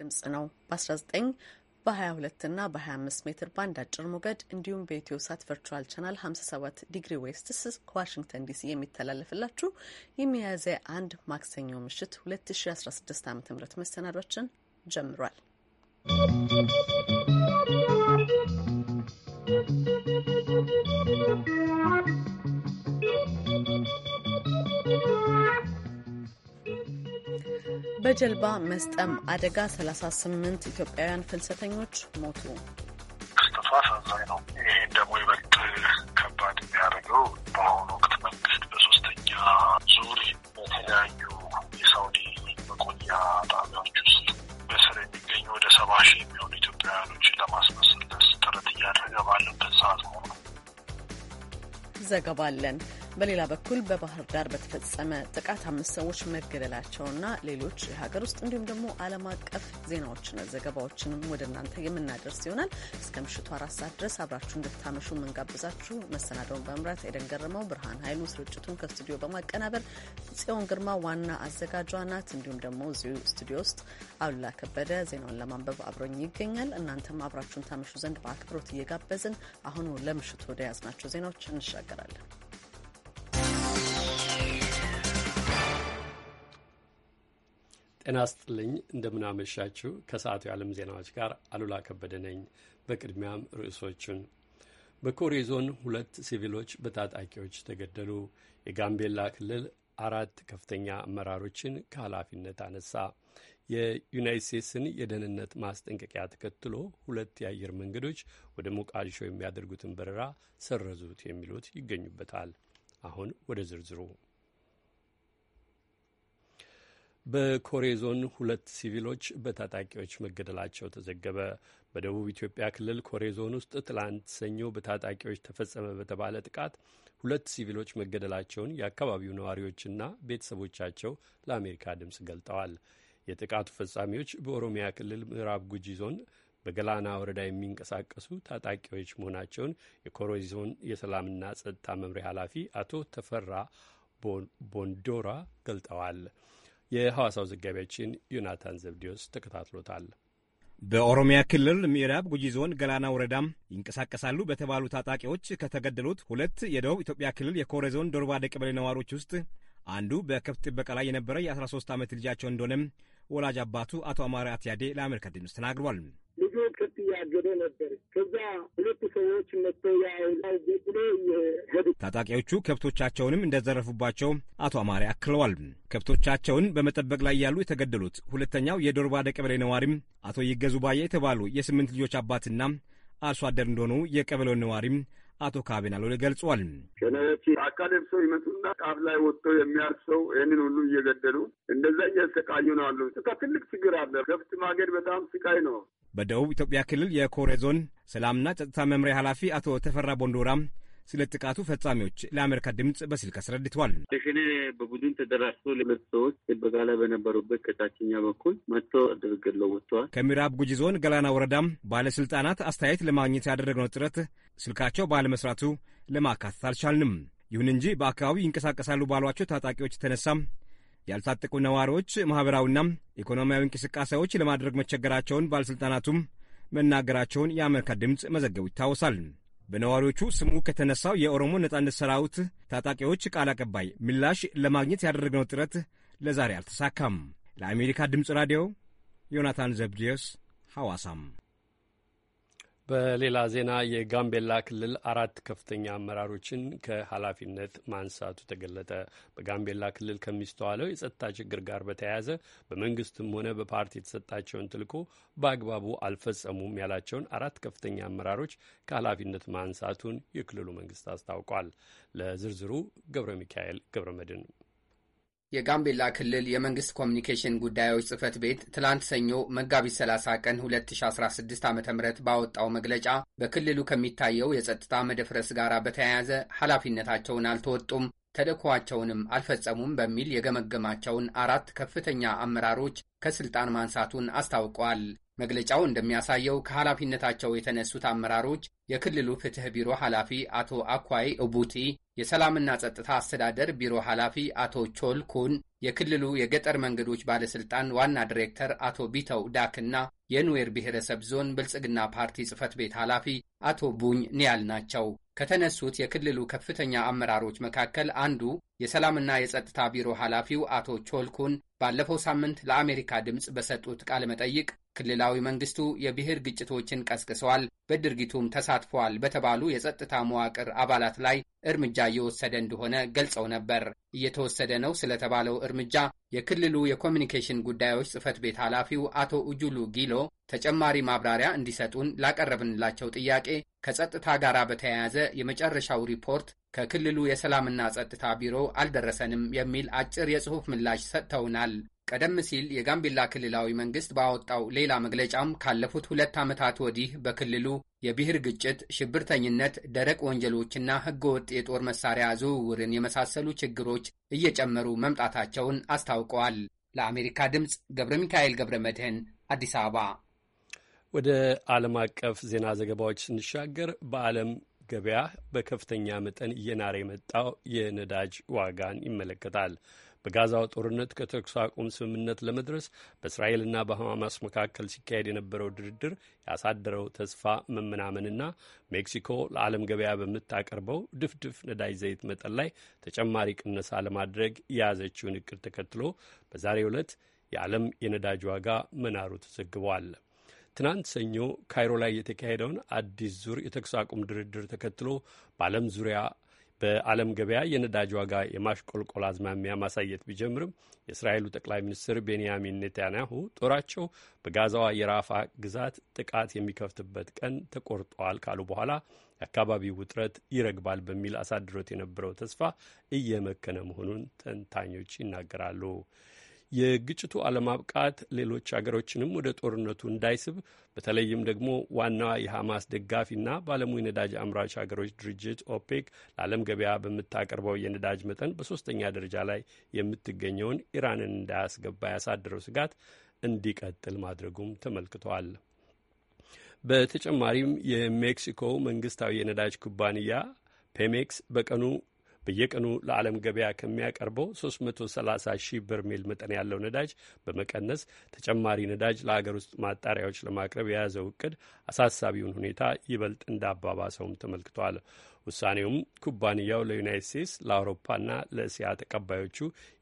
ድምጽ ነው። በ19 በ22 እና በ25 ሜትር ባንድ አጭር ሞገድ እንዲሁም በኢትዮ ሳት ቨርቹዋል ቻናል 57 ዲግሪ ዌስትስ ከዋሽንግተን ዲሲ የሚተላለፍላችሁ የሚያዝያ አንድ ማክሰኞ ምሽት 2016 ዓ ም መሰናዷችን ጀምሯል። በጀልባ መስጠም አደጋ 38 ኢትዮጵያውያን ፍልሰተኞች ሞቱ። ክስተቱ አሳዛኝ ነው። ይህን ደግሞ ይበልጥ ከባድ የሚያደርገው በአሁኑ ወቅት መንግስት በሶስተኛ ዙር የሳውዲ መቆያ ጣቢያዎች ውስጥ በስር የሚገኙ ወደ ሰባ ሺህ የሚሆኑ ኢትዮጵያውያኖችን ለማስመሰለስ ጥረት እያደረገ ባለበት ሰዓት መሆኑ ዘገባለን። በሌላ በኩል በባህር ዳር በተፈጸመ ጥቃት አምስት ሰዎች መገደላቸውና ሌሎች የሀገር ውስጥ እንዲሁም ደግሞ ዓለም አቀፍ ዜናዎችና ዘገባዎችንም ወደ እናንተ የምናደርስ ይሆናል። እስከ ምሽቱ አራት ሰዓት ድረስ አብራችሁ እንድታመሹ የምንጋብዛችሁ መሰናደውን በመምራት ኤደን ገረመው፣ ብርሃን ኃይሉ ስርጭቱን ከስቱዲዮ በማቀናበር ጽዮን ግርማ ዋና አዘጋጇ ናት። እንዲሁም ደግሞ እዚሁ ስቱዲዮ ውስጥ አሉላ ከበደ ዜናውን ለማንበብ አብሮኝ ይገኛል። እናንተም አብራችሁን ታመሹ ዘንድ በአክብሮት እየጋበዝን አሁኑ ለምሽቱ ወደ ያዝናቸው ዜናዎች እንሻገራለን። ጤና ስጥልኝ። እንደምናመሻችው ከሰዓቱ የዓለም ዜናዎች ጋር አሉላ ከበደ ነኝ። በቅድሚያም ርዕሶቹን በኮሬ ዞን ሁለት ሲቪሎች በታጣቂዎች ተገደሉ። የጋምቤላ ክልል አራት ከፍተኛ አመራሮችን ከኃላፊነት አነሳ። የዩናይት ስቴትስን የደህንነት ማስጠንቀቂያ ተከትሎ ሁለት የአየር መንገዶች ወደ ሞቃዲሾ የሚያደርጉትን በረራ ሰረዙት የሚሉት ይገኙበታል። አሁን ወደ ዝርዝሩ በኮሬ ዞን ሁለት ሲቪሎች በታጣቂዎች መገደላቸው ተዘገበ። በደቡብ ኢትዮጵያ ክልል ኮሬ ዞን ውስጥ ትላንት ሰኞ በታጣቂዎች ተፈጸመ በተባለ ጥቃት ሁለት ሲቪሎች መገደላቸውን የአካባቢው ነዋሪዎችና ቤተሰቦቻቸው ለአሜሪካ ድምፅ ገልጠዋል። የጥቃቱ ፈጻሚዎች በኦሮሚያ ክልል ምዕራብ ጉጂ ዞን በገላና ወረዳ የሚንቀሳቀሱ ታጣቂዎች መሆናቸውን የኮሬ ዞን የሰላምና ጸጥታ መምሪያ ኃላፊ አቶ ተፈራ ቦንዶራ ገልጠዋል። የሐዋሳው ዘጋቢያችን ዮናታን ዘብዲዮስ ተከታትሎታል። በኦሮሚያ ክልል ምዕራብ ጉጂ ዞን ገላና ወረዳም ይንቀሳቀሳሉ በተባሉ ታጣቂዎች ከተገደሉት ሁለት የደቡብ ኢትዮጵያ ክልል የኮሬ ዞን ዶርባደ ቀበሌ ነዋሪዎች ውስጥ አንዱ በከብት ጥበቃ ላይ የነበረ የ13 ዓመት ልጃቸው እንደሆነም ወላጅ አባቱ አቶ አማሪ አትያዴ ለአሜሪካ ድምፅ ተናግሯል። ልጁ ከብት እያገደ ነበር። ከዛ ሁለቱ ሰዎች መጥተው ሄዱ። ታጣቂዎቹ ከብቶቻቸውንም እንደዘረፉባቸው አቶ አማሪ አክለዋል። ከብቶቻቸውን በመጠበቅ ላይ ያሉ የተገደሉት ሁለተኛው የዶር ባደ ቀበሌ ነዋሪም አቶ ይገዙ ባየ የተባሉ የስምንት ልጆች አባትና አርሶ አደር እንደሆኑ የቀበሌው ነዋሪም አቶ ካቢናል ወደ ገልጿል። ሸኔዎች አካል ለብሰው ይመጡና ጫፍ ላይ ወጥተው የሚያርሰው ይህንን ሁሉ እየገደሉ እንደዛ እያሰቃዩ ነው አሉ። ትልቅ ችግር አለ። ከብት ማገድ በጣም ስቃይ ነው። በደቡብ ኢትዮጵያ ክልል የኮሬ ዞን ሰላምና ጸጥታ መምሪያ ኃላፊ አቶ ተፈራ ቦንዶራም ስለ ጥቃቱ ፈጻሚዎች ለአሜሪካ ድምፅ በስልክ አስረድተዋል። ሽኔ በቡድን ተደራጅቶ ሁለት ሰዎች ጥበቃ ላይ በነበሩበት ከታችኛ በኩል መጥቶ አድርገለው ወጥተዋል። ከምዕራብ ጉጂ ዞን ገላና ወረዳም ባለስልጣናት አስተያየት ለማግኘት ያደረግነው ጥረት ስልካቸው ባለመስራቱ ለማካተት አልቻልንም። ይሁን እንጂ በአካባቢው ይንቀሳቀሳሉ ባሏቸው ታጣቂዎች የተነሳ ያልታጠቁ ነዋሪዎች ማኅበራዊና ኢኮኖሚያዊ እንቅስቃሴዎች ለማድረግ መቸገራቸውን ባለሥልጣናቱም መናገራቸውን የአሜሪካ ድምፅ መዘገቡ ይታወሳል። በነዋሪዎቹ ስሙ ከተነሳው የኦሮሞ ነጻነት ሰራዊት ታጣቂዎች ቃል አቀባይ ምላሽ ለማግኘት ያደረግነው ጥረት ለዛሬ አልተሳካም። ለአሜሪካ ድምፅ ራዲዮ ዮናታን ዘብድዮስ ሐዋሳም በሌላ ዜና የጋምቤላ ክልል አራት ከፍተኛ አመራሮችን ከኃላፊነት ማንሳቱ ተገለጠ። በጋምቤላ ክልል ከሚስተዋለው የጸጥታ ችግር ጋር በተያያዘ በመንግስትም ሆነ በፓርቲ የተሰጣቸውን ትልኮ በአግባቡ አልፈጸሙም ያላቸውን አራት ከፍተኛ አመራሮች ከኃላፊነት ማንሳቱን የክልሉ መንግስት አስታውቋል። ለዝርዝሩ ገብረ ሚካኤል ገብረ መድን የጋምቤላ ክልል የመንግስት ኮሚኒኬሽን ጉዳዮች ጽህፈት ቤት ትላንት ሰኞ መጋቢት 30 ቀን 2016 ዓ ም ባወጣው መግለጫ በክልሉ ከሚታየው የጸጥታ መደፍረስ ጋር በተያያዘ ኃላፊነታቸውን አልተወጡም፣ ተልዕኳቸውንም አልፈጸሙም በሚል የገመገማቸውን አራት ከፍተኛ አመራሮች ከስልጣን ማንሳቱን አስታውቋል። መግለጫው እንደሚያሳየው ከኃላፊነታቸው የተነሱት አመራሮች የክልሉ ፍትህ ቢሮ ኃላፊ አቶ አኳይ እቡቲ፣ የሰላምና ጸጥታ አስተዳደር ቢሮ ኃላፊ አቶ ቾል ኩን፣ የክልሉ የገጠር መንገዶች ባለሥልጣን ዋና ዲሬክተር አቶ ቢተው ዳክና የኑዌር ብሔረሰብ ዞን ብልጽግና ፓርቲ ጽፈት ቤት ኃላፊ አቶ ቡኝ ኒያል ናቸው። ከተነሱት የክልሉ ከፍተኛ አመራሮች መካከል አንዱ የሰላምና የጸጥታ ቢሮ ኃላፊው አቶ ቾልኩን ባለፈው ሳምንት ለአሜሪካ ድምፅ በሰጡት ቃለ መጠይቅ ክልላዊ መንግስቱ የብሔር ግጭቶችን ቀስቅሰዋል፣ በድርጊቱም ተሳትፈዋል በተባሉ የጸጥታ መዋቅር አባላት ላይ እርምጃ እየወሰደ እንደሆነ ገልጸው ነበር። እየተወሰደ ነው ስለተባለው እርምጃ የክልሉ የኮሚኒኬሽን ጉዳዮች ጽህፈት ቤት ኃላፊው አቶ እጁሉ ጊሎ ተጨማሪ ማብራሪያ እንዲሰጡን ላቀረብንላቸው ጥያቄ ከጸጥታ ጋር በተያያዘ የመጨረሻው ሪፖርት ከክልሉ የሰላምና ጸጥታ ቢሮ አልደረሰንም የሚል አጭር የጽሑፍ ምላሽ ሰጥተውናል። ቀደም ሲል የጋምቤላ ክልላዊ መንግስት ባወጣው ሌላ መግለጫም ካለፉት ሁለት ዓመታት ወዲህ በክልሉ የብሔር ግጭት፣ ሽብርተኝነት፣ ደረቅ ወንጀሎችና ሕገወጥ የጦር መሳሪያ ዝውውርን የመሳሰሉ ችግሮች እየጨመሩ መምጣታቸውን አስታውቀዋል። ለአሜሪካ ድምፅ ገብረ ሚካኤል ገብረ መድህን አዲስ አበባ። ወደ ዓለም አቀፍ ዜና ዘገባዎች ስንሻገር በዓለም ገበያ በከፍተኛ መጠን እየናረ የመጣው የነዳጅ ዋጋን ይመለከታል። በጋዛው ጦርነት ከተኩስ አቁም ስምምነት ለመድረስ በእስራኤልና በሐማስ መካከል ሲካሄድ የነበረው ድርድር ያሳደረው ተስፋ መመናመንና ሜክሲኮ ለዓለም ገበያ በምታቀርበው ድፍድፍ ነዳጅ ዘይት መጠን ላይ ተጨማሪ ቅነሳ ለማድረግ የያዘችውን እቅድ ተከትሎ በዛሬው ዕለት የዓለም የነዳጅ ዋጋ መናሩ ተዘግቧል። ትናንት ሰኞ ካይሮ ላይ የተካሄደውን አዲስ ዙር የተኩስ አቁም ድርድር ተከትሎ በዓለም ዙሪያ በዓለም ገበያ የነዳጅ ዋጋ የማሽቆልቆል አዝማሚያ ማሳየት ቢጀምርም የእስራኤሉ ጠቅላይ ሚኒስትር ቤንያሚን ኔታንያሁ ጦራቸው በጋዛዋ የራፋ ግዛት ጥቃት የሚከፍትበት ቀን ተቆርጧል ካሉ በኋላ የአካባቢው ውጥረት ይረግባል በሚል አሳድሮት የነበረው ተስፋ እየመከነ መሆኑን ተንታኞች ይናገራሉ። የግጭቱ አለማብቃት ሌሎች አገሮችንም ወደ ጦርነቱ እንዳይስብ በተለይም ደግሞ ዋናዋ የሐማስ ደጋፊና በዓለሙ የነዳጅ አምራች አገሮች ድርጅት ኦፔክ ለዓለም ገበያ በምታቀርበው የነዳጅ መጠን በሶስተኛ ደረጃ ላይ የምትገኘውን ኢራንን እንዳያስገባ ያሳደረው ስጋት እንዲቀጥል ማድረጉም ተመልክተዋል። በተጨማሪም የሜክሲኮ መንግስታዊ የነዳጅ ኩባንያ ፔሜክስ በቀኑ በየቀኑ ለዓለም ገበያ ከሚያቀርበው 330 ሺህ በርሜል መጠን ያለው ነዳጅ በመቀነስ ተጨማሪ ነዳጅ ለአገር ውስጥ ማጣሪያዎች ለማቅረብ የያዘው እቅድ አሳሳቢውን ሁኔታ ይበልጥ እንዳባባሰውም ተመልክቷል። ውሳኔውም ኩባንያው ለዩናይት ስቴትስ ለአውሮፓና ለእስያ ተቀባዮቹ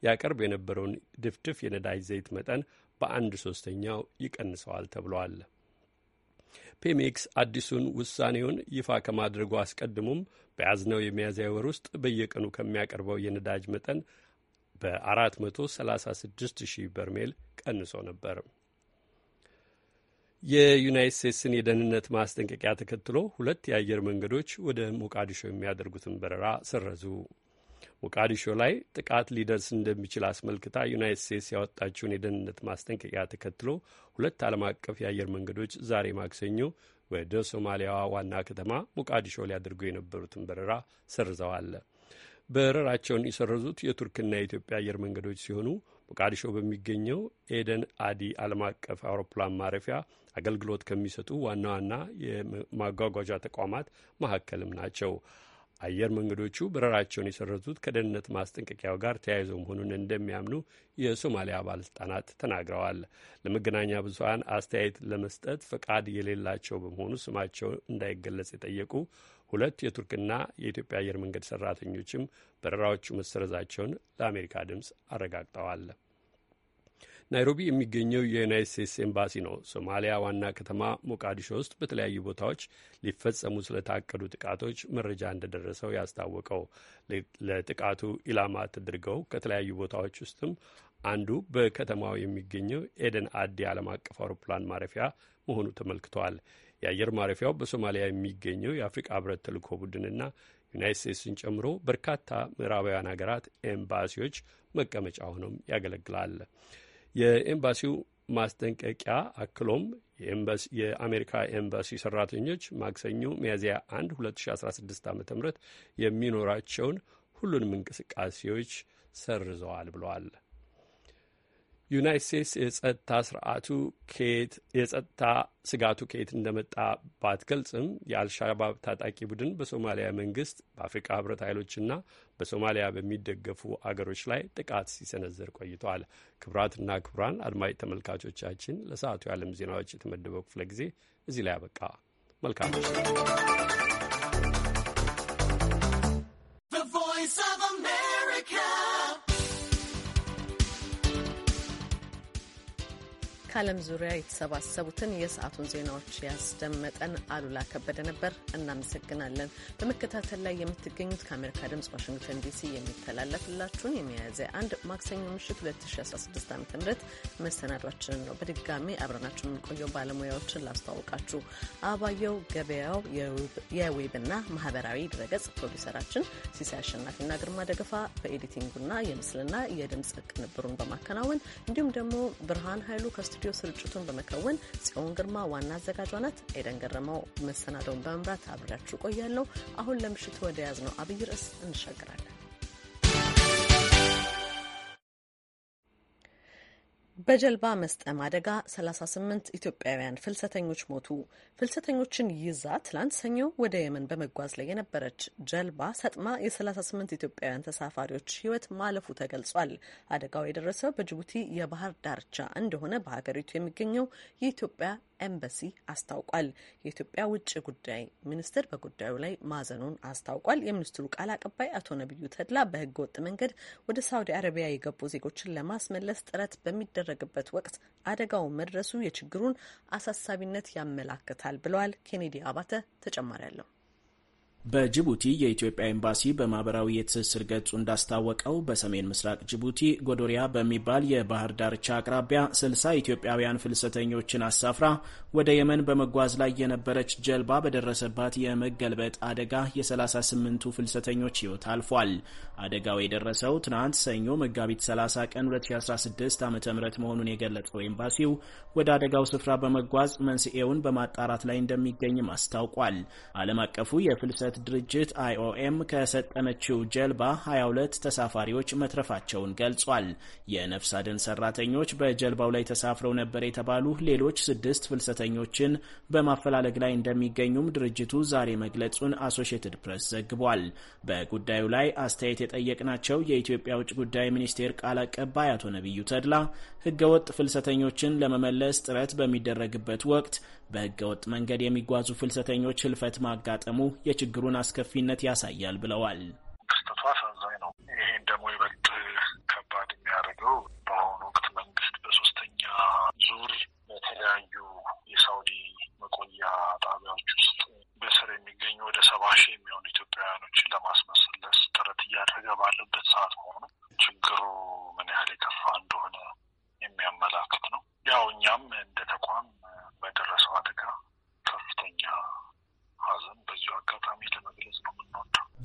ያቀርብ የነበረውን ድፍድፍ የነዳጅ ዘይት መጠን በአንድ ሶስተኛው ይቀንሰዋል ተብሏል። ፔሜክስ አዲሱን ውሳኔውን ይፋ ከማድረጉ አስቀድሞም በያዝነው የሚያዝያ ወር ውስጥ በየቀኑ ከሚያቀርበው የነዳጅ መጠን በ436 ሺህ በርሜል ቀንሶ ነበር። የዩናይት ስቴትስን የደህንነት ማስጠንቀቂያ ተከትሎ ሁለት የአየር መንገዶች ወደ ሞቃዲሾ የሚያደርጉትን በረራ ሰረዙ። ሞቃዲሾ ላይ ጥቃት ሊደርስ እንደሚችል አስመልክታ ዩናይት ስቴትስ ያወጣችውን የደህንነት ማስጠንቀቂያ ተከትሎ ሁለት ዓለም አቀፍ የአየር መንገዶች ዛሬ ማክሰኞ ወደ ሶማሊያዋ ዋና ከተማ ሞቃዲሾ ሊያደርጉ የነበሩትን በረራ ሰርዘዋል። በረራቸውን የሰረዙት የቱርክና የኢትዮጵያ አየር መንገዶች ሲሆኑ ሞቃዲሾ በሚገኘው ኤደን አዲ ዓለም አቀፍ አውሮፕላን ማረፊያ አገልግሎት ከሚሰጡ ዋና ዋና የማጓጓዣ ተቋማት መካከልም ናቸው። አየር መንገዶቹ በረራቸውን የሰረዙት ከደህንነት ማስጠንቀቂያው ጋር ተያይዞ መሆኑን እንደሚያምኑ የሶማሊያ ባለስልጣናት ተናግረዋል። ለመገናኛ ብዙኃን አስተያየት ለመስጠት ፈቃድ የሌላቸው በመሆኑ ስማቸው እንዳይገለጽ የጠየቁ ሁለት የቱርክና የኢትዮጵያ አየር መንገድ ሰራተኞችም በረራዎቹ መሰረዛቸውን ለአሜሪካ ድምፅ አረጋግጠዋል። ናይሮቢ የሚገኘው የዩናይት ስቴትስ ኤምባሲ ነው ሶማሊያ ዋና ከተማ ሞቃዲሾ ውስጥ በተለያዩ ቦታዎች ሊፈጸሙ ስለታቀዱ ጥቃቶች መረጃ እንደደረሰው ያስታወቀው። ለጥቃቱ ኢላማ ተደርገው ከተለያዩ ቦታዎች ውስጥም አንዱ በከተማው የሚገኘው ኤደን አዲ ዓለም አቀፍ አውሮፕላን ማረፊያ መሆኑ ተመልክተዋል። የአየር ማረፊያው በሶማሊያ የሚገኘው የአፍሪቃ ህብረት ተልእኮ ቡድንና ዩናይት ስቴትስን ጨምሮ በርካታ ምዕራባውያን ሀገራት ኤምባሲዎች መቀመጫ ሆኖም ያገለግላል። የኤምባሲው ማስጠንቀቂያ አክሎም የአሜሪካ ኤምባሲ ሰራተኞች ማክሰኞ ሚያዝያ 1 2016 ዓ ም የሚኖራቸውን ሁሉንም እንቅስቃሴዎች ሰርዘዋል ብለዋል። ዩናይት ስቴትስ የጸጥታ ስርዓቱ ከየት የጸጥታ ስጋቱ ከየት እንደመጣ ባትገልጽም የአልሻባብ ታጣቂ ቡድን በሶማሊያ መንግስት በአፍሪካ ህብረት ኃይሎችና በሶማሊያ በሚደገፉ አገሮች ላይ ጥቃት ሲሰነዝር ቆይተዋል። ክቡራትና ክቡራን አድማጭ ተመልካቾቻችን ለሰዓቱ የዓለም ዜናዎች የተመደበው ክፍለ ጊዜ እዚህ ላይ አበቃ። መልካም ከዓለም ዙሪያ የተሰባሰቡትን የሰዓቱን ዜናዎች ያስደመጠን አሉላ ከበደ ነበር። እናመሰግናለን። በመከታተል ላይ የምትገኙት ከአሜሪካ ድምጽ ዋሽንግተን ዲሲ የሚተላለፍላችሁን የሚያዝያ አንድ ማክሰኞ ምሽት 2016 ዓ ም መሰናዷችንን ነው። በድጋሚ አብረናችሁ የምንቆየው ባለሙያዎችን ላስተዋውቃችሁ። አባየው ገበያው የዌብና ማህበራዊ ድረገጽ ፕሮዲሰራችን፣ ሲሳይ አሸናፊና ግርማ ደገፋ በኤዲቲንጉና የምስልና የድምጽ ቅንብሩን በማከናወን እንዲሁም ደግሞ ብርሃን ኃይሉ ከስቱዲዮ ስቱዲዮ ስርጭቱን በመከወን ጽዮን ግርማ፣ ዋና አዘጋጇ ናት። ኤደን ገረመው መሰናደውን በመምራት አብሬያችሁ ቆያለሁ። አሁን ለምሽቱ ወደ ያዝነው አብይ ርዕስ እንሻገራለን። በጀልባ መስጠም አደጋ 38 ኢትዮጵያውያን ፍልሰተኞች ሞቱ። ፍልሰተኞችን ይዛ ትላንት ሰኞ ወደ የመን በመጓዝ ላይ የነበረች ጀልባ ሰጥማ የ38 ኢትዮጵያውያን ተሳፋሪዎች ሕይወት ማለፉ ተገልጿል። አደጋው የደረሰው በጅቡቲ የባህር ዳርቻ እንደሆነ በሀገሪቱ የሚገኘው የኢትዮጵያ ኤምባሲ አስታውቋል። የኢትዮጵያ ውጭ ጉዳይ ሚኒስትር በጉዳዩ ላይ ማዘኑን አስታውቋል። የሚኒስትሩ ቃል አቀባይ አቶ ነቢዩ ተድላ በህገ ወጥ መንገድ ወደ ሳውዲ አረቢያ የገቡ ዜጎችን ለማስመለስ ጥረት በሚደረግበት ወቅት አደጋው መድረሱ የችግሩን አሳሳቢነት ያመላክታል ብለዋል። ኬኔዲ አባተ ተጨማሪ አለው። በጅቡቲ የኢትዮጵያ ኤምባሲ በማህበራዊ የትስስር ገጹ እንዳስታወቀው በሰሜን ምስራቅ ጅቡቲ ጎዶሪያ በሚባል የባህር ዳርቻ አቅራቢያ ስልሳ ኢትዮጵያውያን ፍልሰተኞችን አሳፍራ ወደ የመን በመጓዝ ላይ የነበረች ጀልባ በደረሰባት የመገልበጥ አደጋ የ38ቱ ፍልሰተኞች ህይወት አልፏል። አደጋው የደረሰው ትናንት ሰኞ መጋቢት 30 ቀን 2016 ዓ ም መሆኑን የገለጸው ኤምባሲው ወደ አደጋው ስፍራ በመጓዝ መንስኤውን በማጣራት ላይ እንደሚገኝም አስታውቋል። ዓለም አቀፉ የፍልሰት የመንግስታት ድርጅት አይኦኤም ከሰጠመችው ጀልባ 22 ተሳፋሪዎች መትረፋቸውን ገልጿል። የነፍስ አድን ሰራተኞች በጀልባው ላይ ተሳፍረው ነበር የተባሉ ሌሎች ስድስት ፍልሰተኞችን በማፈላለግ ላይ እንደሚገኙም ድርጅቱ ዛሬ መግለጹን አሶሺየትድ ፕሬስ ዘግቧል። በጉዳዩ ላይ አስተያየት የጠየቅናቸው የኢትዮጵያ ውጭ ጉዳይ ሚኒስቴር ቃል አቀባይ አቶ ነቢዩ ተድላ ህገወጥ ፍልሰተኞችን ለመመለስ ጥረት በሚደረግበት ወቅት በህገወጥ መንገድ የሚጓዙ ፍልሰተኞች ህልፈት ማጋጠሙ የችግሩን አስከፊነት ያሳያል ብለዋል። ክስተቱ አሳዛኝ ነው። ይህን ደግሞ ይበልጥ ከባድ የሚያደርገው በአሁኑ ወቅት መንግስት በሶስተኛ ዙር በተለያዩ የሳውዲ መቆያ ጣቢያዎች ውስጥ በስር የሚገኙ ወደ ሰባ ሺህ የሚሆኑ ኢትዮጵያውያኖችን ለማስመሰለስ ጥረት እያደረገ ባለበት ሰዓት መሆኑ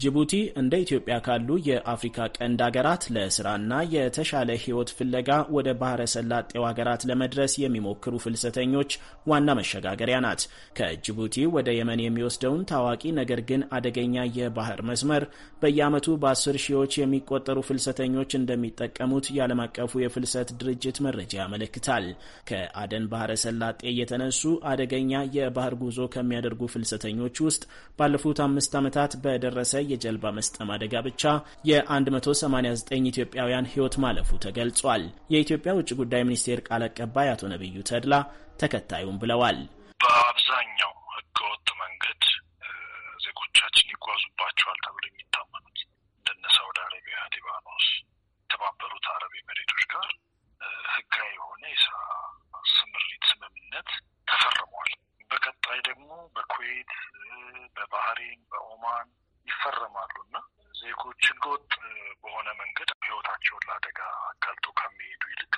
ጅቡቲ እንደ ኢትዮጵያ ካሉ የአፍሪካ ቀንድ ሀገራት ለስራና የተሻለ ህይወት ፍለጋ ወደ ባህረ ሰላጤው ሀገራት ለመድረስ የሚሞክሩ ፍልሰተኞች ዋና መሸጋገሪያ ናት። ከጅቡቲ ወደ የመን የሚወስደውን ታዋቂ ነገር ግን አደገኛ የባህር መስመር በየአመቱ በአስር ሺዎች የሚቆጠሩ ፍልሰተኞች እንደሚጠቀሙት የዓለም አቀፉ የፍልሰት ድርጅት መረጃ ያመለክታል። ከአደን ባህረ ሰላጤ የተነሱ አደገኛ የባህር ጉዞ ከሚያደርጉ ፍልሰተኞች ውስጥ ባለፉት አምስት ዓመታት በደረሰ የጀልባ መስጠም አደጋ ብቻ የ189 ኢትዮጵያውያን ሕይወት ማለፉ ተገልጿል። የኢትዮጵያ ውጭ ጉዳይ ሚኒስቴር ቃል አቀባይ አቶ ነቢዩ ተድላ ተከታዩም ብለዋል። በአብዛኛው ህገወጥ መንገድ ዜጎቻችን ይጓዙባቸዋል ተብሎ የሚታመኑት እንደነ ሳውዲ አረቢያ፣ ሊባኖስ፣ የተባበሩት አረብ ኤሚሬቶች ጋር ህጋዊ የሆነ የስራ ስምሪት ስምምነት ተፈርሟል። በቀጣይ ደግሞ በኩዌት፣ በባህሬን፣ በኦማን ይፈረማሉ እና ዜጎች ህገወጥ በሆነ መንገድ ህይወታቸውን ለአደጋ አጋልጦ ከሚሄዱ ይልቅ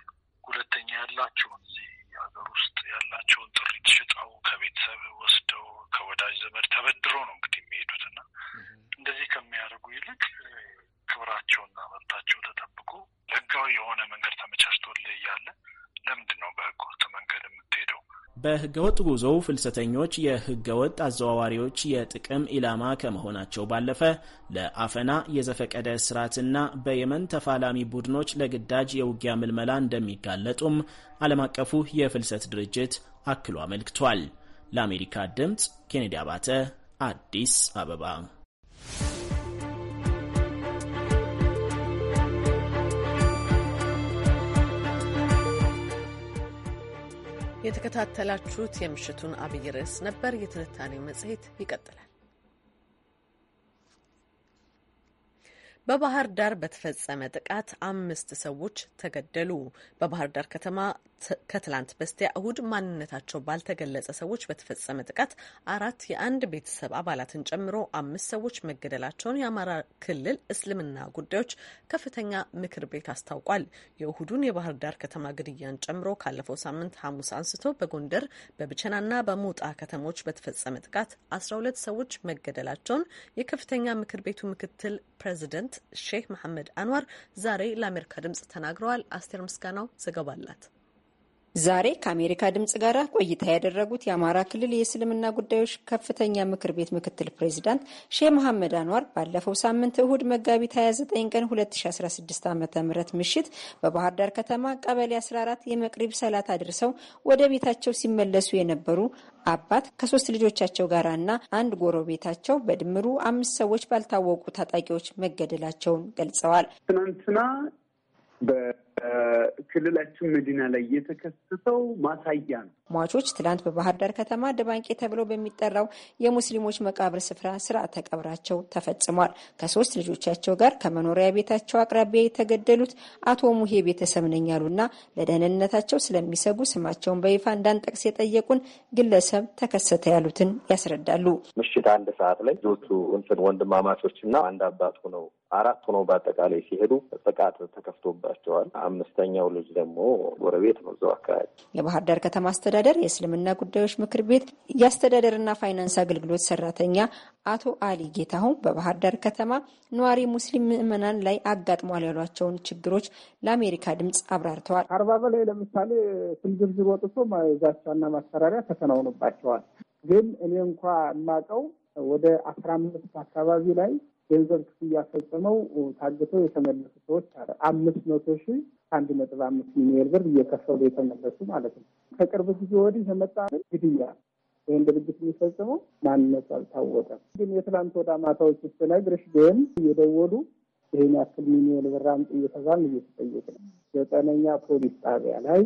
ሁለተኛ ያላቸውን እዚህ ሀገር ውስጥ ያላቸውን ጥሪት ሽጠው ከቤተሰብ ወስደው ከወዳጅ ዘመድ ተበድረው ነው እንግዲህ የሚሄዱት እና እንደዚህ ከሚያደርጉ ይልቅ ክብራቸውና መብታቸው ተጠብቆ ህጋዊ የሆነ መንገድ ተመቻችቶልህ እያለ ለምንድን ነው በህገ ወጥ መንገድ የምትሄደው? በህገወጥ ጉዞ ፍልሰተኞች የህገወጥ አዘዋዋሪዎች የጥቅም ኢላማ ከመሆናቸው ባለፈ ለአፈና፣ የዘፈቀደ ስርዓትና በየመን ተፋላሚ ቡድኖች ለግዳጅ የውጊያ ምልመላ እንደሚጋለጡም ዓለም አቀፉ የፍልሰት ድርጅት አክሎ አመልክቷል። ለአሜሪካ ድምፅ ኬኔዲ አባተ አዲስ አበባ የተከታተላችሁት የምሽቱን አብይ ርዕስ ነበር። የትንታኔው መጽሔት ይቀጥላል። በባህር ዳር በተፈጸመ ጥቃት አምስት ሰዎች ተገደሉ። በባህር ዳር ከተማ ከትላንት በስቲያ እሁድ ማንነታቸው ባልተገለጸ ሰዎች በተፈጸመ ጥቃት አራት የአንድ ቤተሰብ አባላትን ጨምሮ አምስት ሰዎች መገደላቸውን የአማራ ክልል እስልምና ጉዳዮች ከፍተኛ ምክር ቤት አስታውቋል። የእሁዱን የባህር ዳር ከተማ ግድያን ጨምሮ ካለፈው ሳምንት ሐሙስ አንስቶ በጎንደር በብቸናና በሞጣ ከተሞች በተፈጸመ ጥቃት አስራ ሁለት ሰዎች መገደላቸውን የከፍተኛ ምክር ቤቱ ምክትል ፕሬዚደንት ሼህ መሐመድ አንዋር ዛሬ ለአሜሪካ ድምጽ ተናግረዋል። አስቴር ምስጋናው ዘገባ አላት። ዛሬ ከአሜሪካ ድምጽ ጋር ቆይታ ያደረጉት የአማራ ክልል የእስልምና ጉዳዮች ከፍተኛ ምክር ቤት ምክትል ፕሬዚዳንት ሼህ መሐመድ አንዋር ባለፈው ሳምንት እሁድ መጋቢት 29 ቀን 2016 ዓ ም ምሽት በባህር ዳር ከተማ ቀበሌ 14 የመቅሪብ ሰላት አድርሰው ወደ ቤታቸው ሲመለሱ የነበሩ አባት ከሶስት ልጆቻቸው ጋር እና አንድ ጎረቤታቸው በድምሩ አምስት ሰዎች ባልታወቁ ታጣቂዎች መገደላቸውን ገልጸዋል። ትናንትና ክልላችን መዲና ላይ የተከሰተው ማሳያ ነው። ሟቾች ትላንት በባህር ዳር ከተማ ደባንቄ ተብሎ በሚጠራው የሙስሊሞች መቃብር ስፍራ ስርዓተ ቀብራቸው ተፈጽሟል። ከሶስት ልጆቻቸው ጋር ከመኖሪያ ቤታቸው አቅራቢያ የተገደሉት አቶ ሙሄ ቤተሰብ ነኝ ያሉና ለደህንነታቸው ስለሚሰጉ ስማቸውን በይፋ እንዳንጠቅስ የጠየቁን ግለሰብ ተከሰተ ያሉትን ያስረዳሉ። ምሽት አንድ ሰዓት ላይ ልጆቹ እንትን ወንድማማቾች እና አንድ አባት ሆነው አራት ሆነው በአጠቃላይ ሲሄዱ ጥቃት ተከፍቶባቸዋል። አምስተኛው ልጅ ደግሞ ጎረቤት ነው እዛው አካባቢ። የባህር ዳር ከተማ አስተዳደር የእስልምና ጉዳዮች ምክር ቤት የአስተዳደርና ፋይናንስ አገልግሎት ሰራተኛ አቶ አሊ ጌታሁን በባህር ዳር ከተማ ነዋሪ ሙስሊም ምዕመናን ላይ አጋጥሟል ያሏቸውን ችግሮች ለአሜሪካ ድምፅ አብራርተዋል። አርባ በላይ ለምሳሌ ስም ዝርዝር ወጥቶ ዛቻና ማስፈራሪያ ተከናውንባቸዋል። ግን እኔ እንኳ የማውቀው ወደ አስራ አምስት አካባቢ ላይ ገንዘብ ክፍያ ፈጽመው ታግተው የተመለሱ ሰዎች አለ። አምስት መቶ ሺህ አንድ ነጥብ አምስት ሚሊዮን ብር እየከፈሉ የተመለሱ ማለት ነው። ከቅርብ ጊዜ ወዲህ የመጣ ግድያ ይህን ድርጅት የሚፈጽመው ማንነቱ አልታወቀም። ግን የትላንት ወደ ማታዎች ስትነግርሽ ግን እየደወሉ ይህን ያክል ሚሊዮን ብር አምጥ እየተባልን እየተጠየቅን ነው። ዘጠነኛ ፖሊስ ጣቢያ ላይ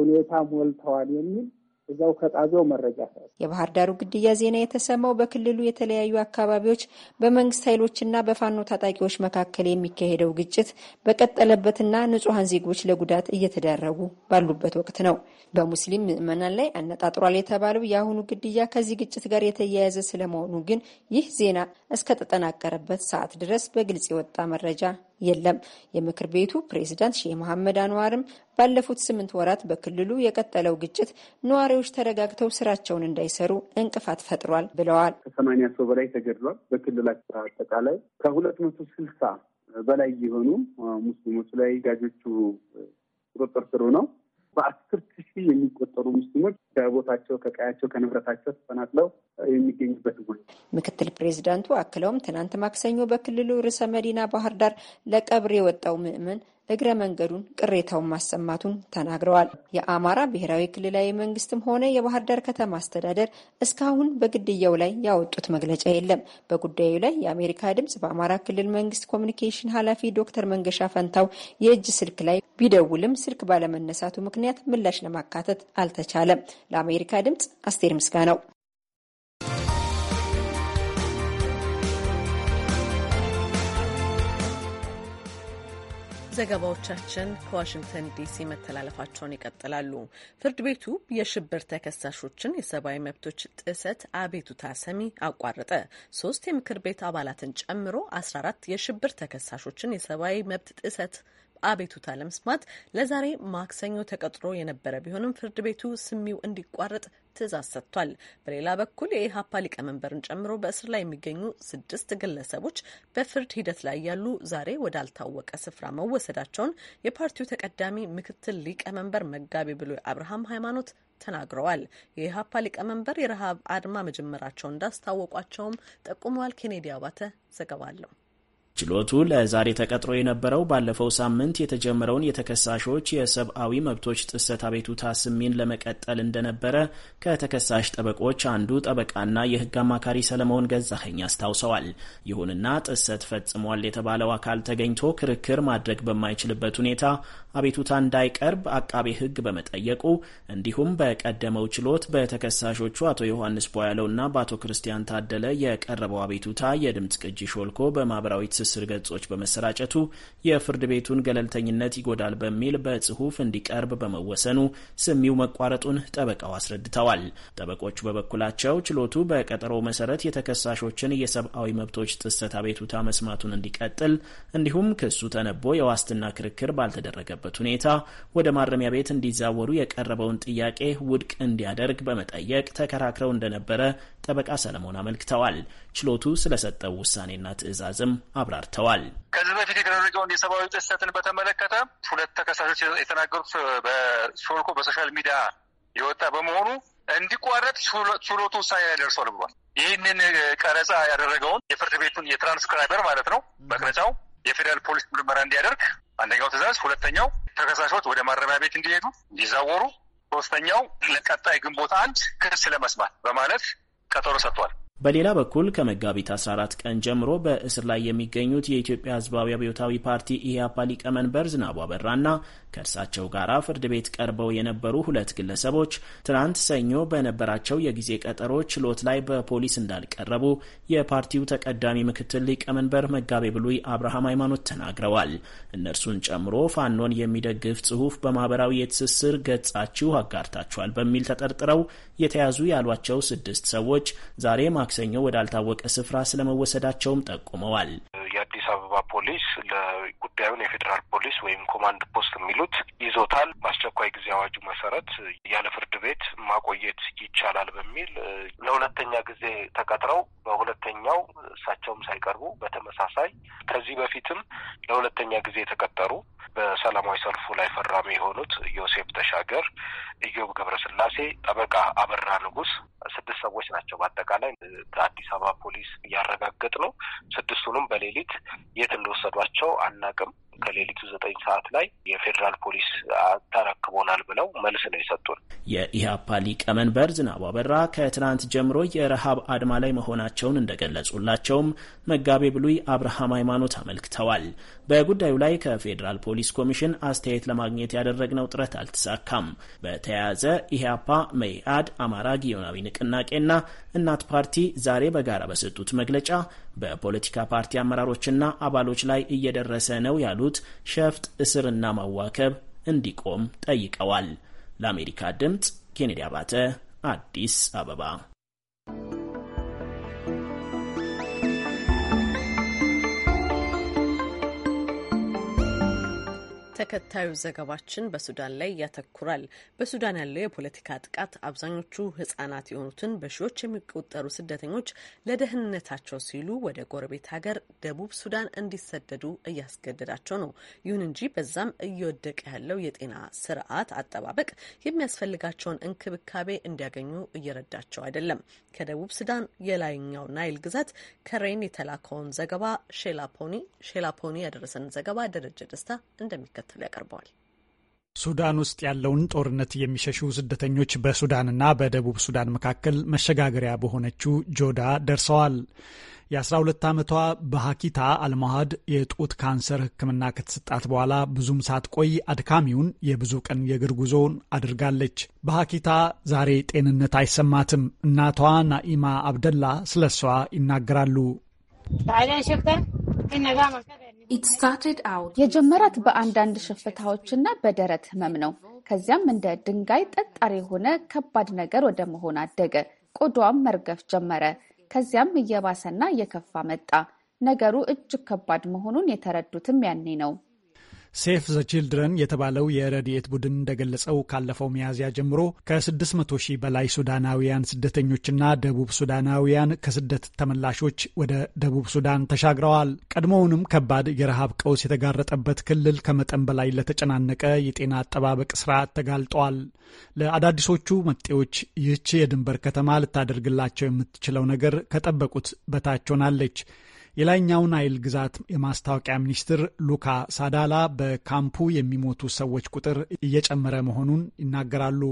ሁኔታ ሞልተዋል የሚል እዛው ከጣቢያው መረጃ የባህር ዳሩ ግድያ ዜና የተሰማው በክልሉ የተለያዩ አካባቢዎች በመንግስት ኃይሎችና በፋኖ ታጣቂዎች መካከል የሚካሄደው ግጭት በቀጠለበትና ንጹሐን ዜጎች ለጉዳት እየተዳረጉ ባሉበት ወቅት ነው። በሙስሊም ምዕመናን ላይ አነጣጥሯል የተባለው የአሁኑ ግድያ ከዚህ ግጭት ጋር የተያያዘ ስለመሆኑ ግን ይህ ዜና እስከተጠናቀረበት ሰዓት ድረስ በግልጽ የወጣ መረጃ የለም። የምክር ቤቱ ፕሬዚዳንት ሼህ መሐመድ አንዋርም ባለፉት ስምንት ወራት በክልሉ የቀጠለው ግጭት ነዋሪዎች ተረጋግተው ስራቸውን እንዳይሰሩ እንቅፋት ፈጥሯል ብለዋል። ከሰማኒያ ሰው በላይ ተገድሏል። በክልላቸው አጠቃላይ ከሁለት መቶ ስልሳ በላይ የሆኑ ሙስሊሞች ላይ ጋጆቹ ቁጥጥር ስሩ ነው በአስር ሺህ የሚቆጠሩ ሙስሊሞች ከቦታቸው ከቀያቸው ከንብረታቸው ተፈናቅለው የሚገኙበት ሁኔታ። ምክትል ፕሬዚዳንቱ አክለውም ትናንት ማክሰኞ በክልሉ ርዕሰ መዲና ባህር ዳር ለቀብር የወጣው ምዕመን እግረ መንገዱን ቅሬታውን ማሰማቱን ተናግረዋል። የአማራ ብሔራዊ ክልላዊ መንግስትም ሆነ የባህር ዳር ከተማ አስተዳደር እስካሁን በግድያው ላይ ያወጡት መግለጫ የለም። በጉዳዩ ላይ የአሜሪካ ድምጽ በአማራ ክልል መንግስት ኮሚኒኬሽን ኃላፊ ዶክተር መንገሻ ፈንታው የእጅ ስልክ ላይ ቢደውልም ስልክ ባለመነሳቱ ምክንያት ምላሽ ለማካተት አልተቻለም። ለአሜሪካ ድምጽ አስቴር ምስጋ ነው። ዘገባዎቻችን ከዋሽንግተን ዲሲ መተላለፋቸውን ይቀጥላሉ። ፍርድ ቤቱ የሽብር ተከሳሾችን የሰብአዊ መብቶች ጥሰት አቤቱታ ሰሚ አቋረጠ። ሶስት የምክር ቤት አባላትን ጨምሮ አስራ አራት የሽብር ተከሳሾችን የሰብአዊ መብት ጥሰት አቤቱታ ለመስማት ለዛሬ ማክሰኞ ተቀጥሮ የነበረ ቢሆንም ፍርድ ቤቱ ስሚው እንዲቋረጥ ትዕዛዝ ሰጥቷል። በሌላ በኩል የኢሀፓ ሊቀመንበርን ጨምሮ በእስር ላይ የሚገኙ ስድስት ግለሰቦች በፍርድ ሂደት ላይ ያሉ ዛሬ ወዳልታወቀ ስፍራ መወሰዳቸውን የፓርቲው ተቀዳሚ ምክትል ሊቀመንበር መጋቤ ብሉይ አብርሃም ሃይማኖት ተናግረዋል። የኢሀፓ ሊቀመንበር የረሃብ አድማ መጀመራቸውን እንዳስታወቋቸውም ጠቁመዋል። ኬኔዲ አባተ ዘገባ አለው። ችሎቱ ለዛሬ ተቀጥሮ የነበረው ባለፈው ሳምንት የተጀመረውን የተከሳሾች የሰብአዊ መብቶች ጥሰት አቤቱታ ስሚን ለመቀጠል እንደነበረ ከተከሳሽ ጠበቆች አንዱ ጠበቃና የሕግ አማካሪ ሰለሞን ገዛኸኝ አስታውሰዋል። ይሁንና ጥሰት ፈጽሟል የተባለው አካል ተገኝቶ ክርክር ማድረግ በማይችልበት ሁኔታ አቤቱታ እንዳይቀርብ አቃቤ ሕግ በመጠየቁ እንዲሁም በቀደመው ችሎት በተከሳሾቹ አቶ ዮሐንስ ቦያለውና በአቶ ክርስቲያን ታደለ የቀረበው አቤቱታ የድምፅ ቅጂ ሾልኮ በማህበራዊ በትስስር ገጾች በመሰራጨቱ የፍርድ ቤቱን ገለልተኝነት ይጎዳል በሚል በጽሁፍ እንዲቀርብ በመወሰኑ ስሚው መቋረጡን ጠበቃው አስረድተዋል። ጠበቆቹ በበኩላቸው ችሎቱ በቀጠሮው መሰረት የተከሳሾችን የሰብአዊ መብቶች ጥሰት አቤቱታ መስማቱን እንዲቀጥል እንዲሁም ክሱ ተነቦ የዋስትና ክርክር ባልተደረገበት ሁኔታ ወደ ማረሚያ ቤት እንዲዛወሩ የቀረበውን ጥያቄ ውድቅ እንዲያደርግ በመጠየቅ ተከራክረው እንደነበረ ጠበቃ ሰለሞን አመልክተዋል። ችሎቱ ስለሰጠው ውሳኔና ትዕዛዝም አብራርተዋል። ከዚህ በፊት የተደረገውን የሰብአዊ ጥሰትን በተመለከተ ሁለት ተከሳሾች የተናገሩት በሾልኮ በሶሻል ሚዲያ የወጣ በመሆኑ እንዲቋረጥ ችሎቱ ውሳኔ ላይ ደርሷል ብሏል። ይህንን ቀረጻ ያደረገውን የፍርድ ቤቱን የትራንስክራይበር ማለት ነው መቅረጫው የፌዴራል ፖሊስ ምርመራ እንዲያደርግ አንደኛው ትዕዛዝ፣ ሁለተኛው ተከሳሾች ወደ ማረሚያ ቤት እንዲሄዱ እንዲዛወሩ፣ ሶስተኛው ለቀጣይ ግንቦት አንድ ክስ ለመስማት በማለት ቀጠሮ ሰጥቷል። በሌላ በኩል ከመጋቢት 14 ቀን ጀምሮ በእስር ላይ የሚገኙት የኢትዮጵያ ሕዝባዊ አብዮታዊ ፓርቲ ኢህአፓ ሊቀመንበር ዝናቡ አበራና ከእርሳቸው ጋር ፍርድ ቤት ቀርበው የነበሩ ሁለት ግለሰቦች ትናንት ሰኞ በነበራቸው የጊዜ ቀጠሮ ችሎት ላይ በፖሊስ እንዳልቀረቡ የፓርቲው ተቀዳሚ ምክትል ሊቀመንበር መጋቤ ብሉይ አብርሃም ሃይማኖት ተናግረዋል። እነርሱን ጨምሮ ፋኖን የሚደግፍ ጽሁፍ በማህበራዊ የትስስር ገጻችሁ አጋርታችኋል በሚል ተጠርጥረው የተያዙ ያሏቸው ስድስት ሰዎች ዛሬ ማክሰኞ ወዳልታወቀ ስፍራ ስለመወሰዳቸውም ጠቁመዋል። የአዲስ አበባ ፖሊስ ለጉዳዩን የፌዴራል ፖሊስ ወይም ኮማንድ ፖስት የሚሉ እንዳሉት ይዞታል። በአስቸኳይ ጊዜ አዋጁ መሰረት ያለ ፍርድ ቤት ማቆየት ይቻላል በሚል ለሁለተኛ ጊዜ ተቀጥረው በሁለተኛው እሳቸውም ሳይቀርቡ በተመሳሳይ ከዚህ በፊትም ለሁለተኛ ጊዜ የተቀጠሩ በሰላማዊ ሰልፉ ላይ ፈራሚ የሆኑት ዮሴፍ ተሻገር፣ ኢዮብ ገብረስላሴ፣ ጠበቃ አበራ ንጉስ ስድስት ሰዎች ናቸው። በአጠቃላይ አዲስ አበባ ፖሊስ እያረጋገጥ ነው። ስድስቱንም በሌሊት የት እንደወሰዷቸው አናቅም። ከሌሊቱ ዘጠኝ ሰዓት ላይ የፌዴራል ፖሊስ ተረክቦናል ብለው መልስ ነው የሰጡን። የኢህአፓ ሊቀመንበር ዝናቡ አበራ ከትናንት ጀምሮ የረሃብ አድማ ላይ መሆናቸውን እንደገለጹላቸውም መጋቤ ብሉይ አብርሃም ሃይማኖት አመልክተዋል። በጉዳዩ ላይ ከፌዴራል ፖሊስ ኮሚሽን አስተያየት ለማግኘት ያደረግነው ጥረት አልተሳካም። በተያያዘ ኢህአፓ፣ መኢአድ፣ አማራ ጊዮናዊ ንቅናቄና እናት ፓርቲ ዛሬ በጋራ በሰጡት መግለጫ በፖለቲካ ፓርቲ አመራሮችና አባሎች ላይ እየደረሰ ነው ያሉት ሸፍጥ፣ እስርና ማዋከብ እንዲቆም ጠይቀዋል። ለአሜሪካ ድምፅ ኬኔዲ አባተ አዲስ አበባ ተከታዩ ዘገባችን በሱዳን ላይ ያተኩራል። በሱዳን ያለው የፖለቲካ ጥቃት አብዛኞቹ ህጻናት የሆኑትን በሺዎች የሚቆጠሩ ስደተኞች ለደህንነታቸው ሲሉ ወደ ጎረቤት ሀገር ደቡብ ሱዳን እንዲሰደዱ እያስገደዳቸው ነው። ይሁን እንጂ በዛም እየወደቀ ያለው የጤና ስርዓት አጠባበቅ የሚያስፈልጋቸውን እንክብካቤ እንዲያገኙ እየረዳቸው አይደለም። ከደቡብ ሱዳን የላይኛው ናይል ግዛት ከሬን የተላከውን ዘገባ ሼላፖኒ ሼላፖኒ ያደረሰን ዘገባ ደረጀ ደስታ እንደሚከተል እንደሚከተሉ ያቀርበዋል። ሱዳን ውስጥ ያለውን ጦርነት የሚሸሹ ስደተኞች በሱዳንና በደቡብ ሱዳን መካከል መሸጋገሪያ በሆነችው ጆዳ ደርሰዋል። የ12 ዓመቷ በሐኪታ አልማሃድ የጡት ካንሰር ሕክምና ከተሰጣት በኋላ ብዙም ሳትቆይ አድካሚውን የብዙ ቀን የእግር ጉዞውን አድርጋለች። በሐኪታ ዛሬ ጤንነት አይሰማትም። እናቷ ናኢማ አብደላ ስለሷ ይናገራሉ። የጀመራት በአንዳንድ ሽፍታዎችና በደረት ህመም ነው። ከዚያም እንደ ድንጋይ ጠጣር የሆነ ከባድ ነገር ወደ መሆን አደገ። ቆዳዋም መርገፍ ጀመረ። ከዚያም እየባሰና እየከፋ መጣ። ነገሩ እጅግ ከባድ መሆኑን የተረዱትም ያኔ ነው። ሴፍ ዘ ቺልድረን የተባለው የረድኤት ቡድን እንደገለጸው ካለፈው ሚያዝያ ጀምሮ ከ600 ሺህ በላይ ሱዳናውያን ስደተኞችና ደቡብ ሱዳናውያን ከስደት ተመላሾች ወደ ደቡብ ሱዳን ተሻግረዋል። ቀድሞውንም ከባድ የረሃብ ቀውስ የተጋረጠበት ክልል ከመጠን በላይ ለተጨናነቀ የጤና አጠባበቅ ስርዓት ተጋልጧል። ለአዳዲሶቹ መጤዎች ይህች የድንበር ከተማ ልታደርግላቸው የምትችለው ነገር ከጠበቁት በታች ሆናለች። የላይኛውን ናይል ግዛት የማስታወቂያ ሚኒስትር ሉካ ሳዳላ በካምፑ የሚሞቱ ሰዎች ቁጥር እየጨመረ መሆኑን ይናገራሉ።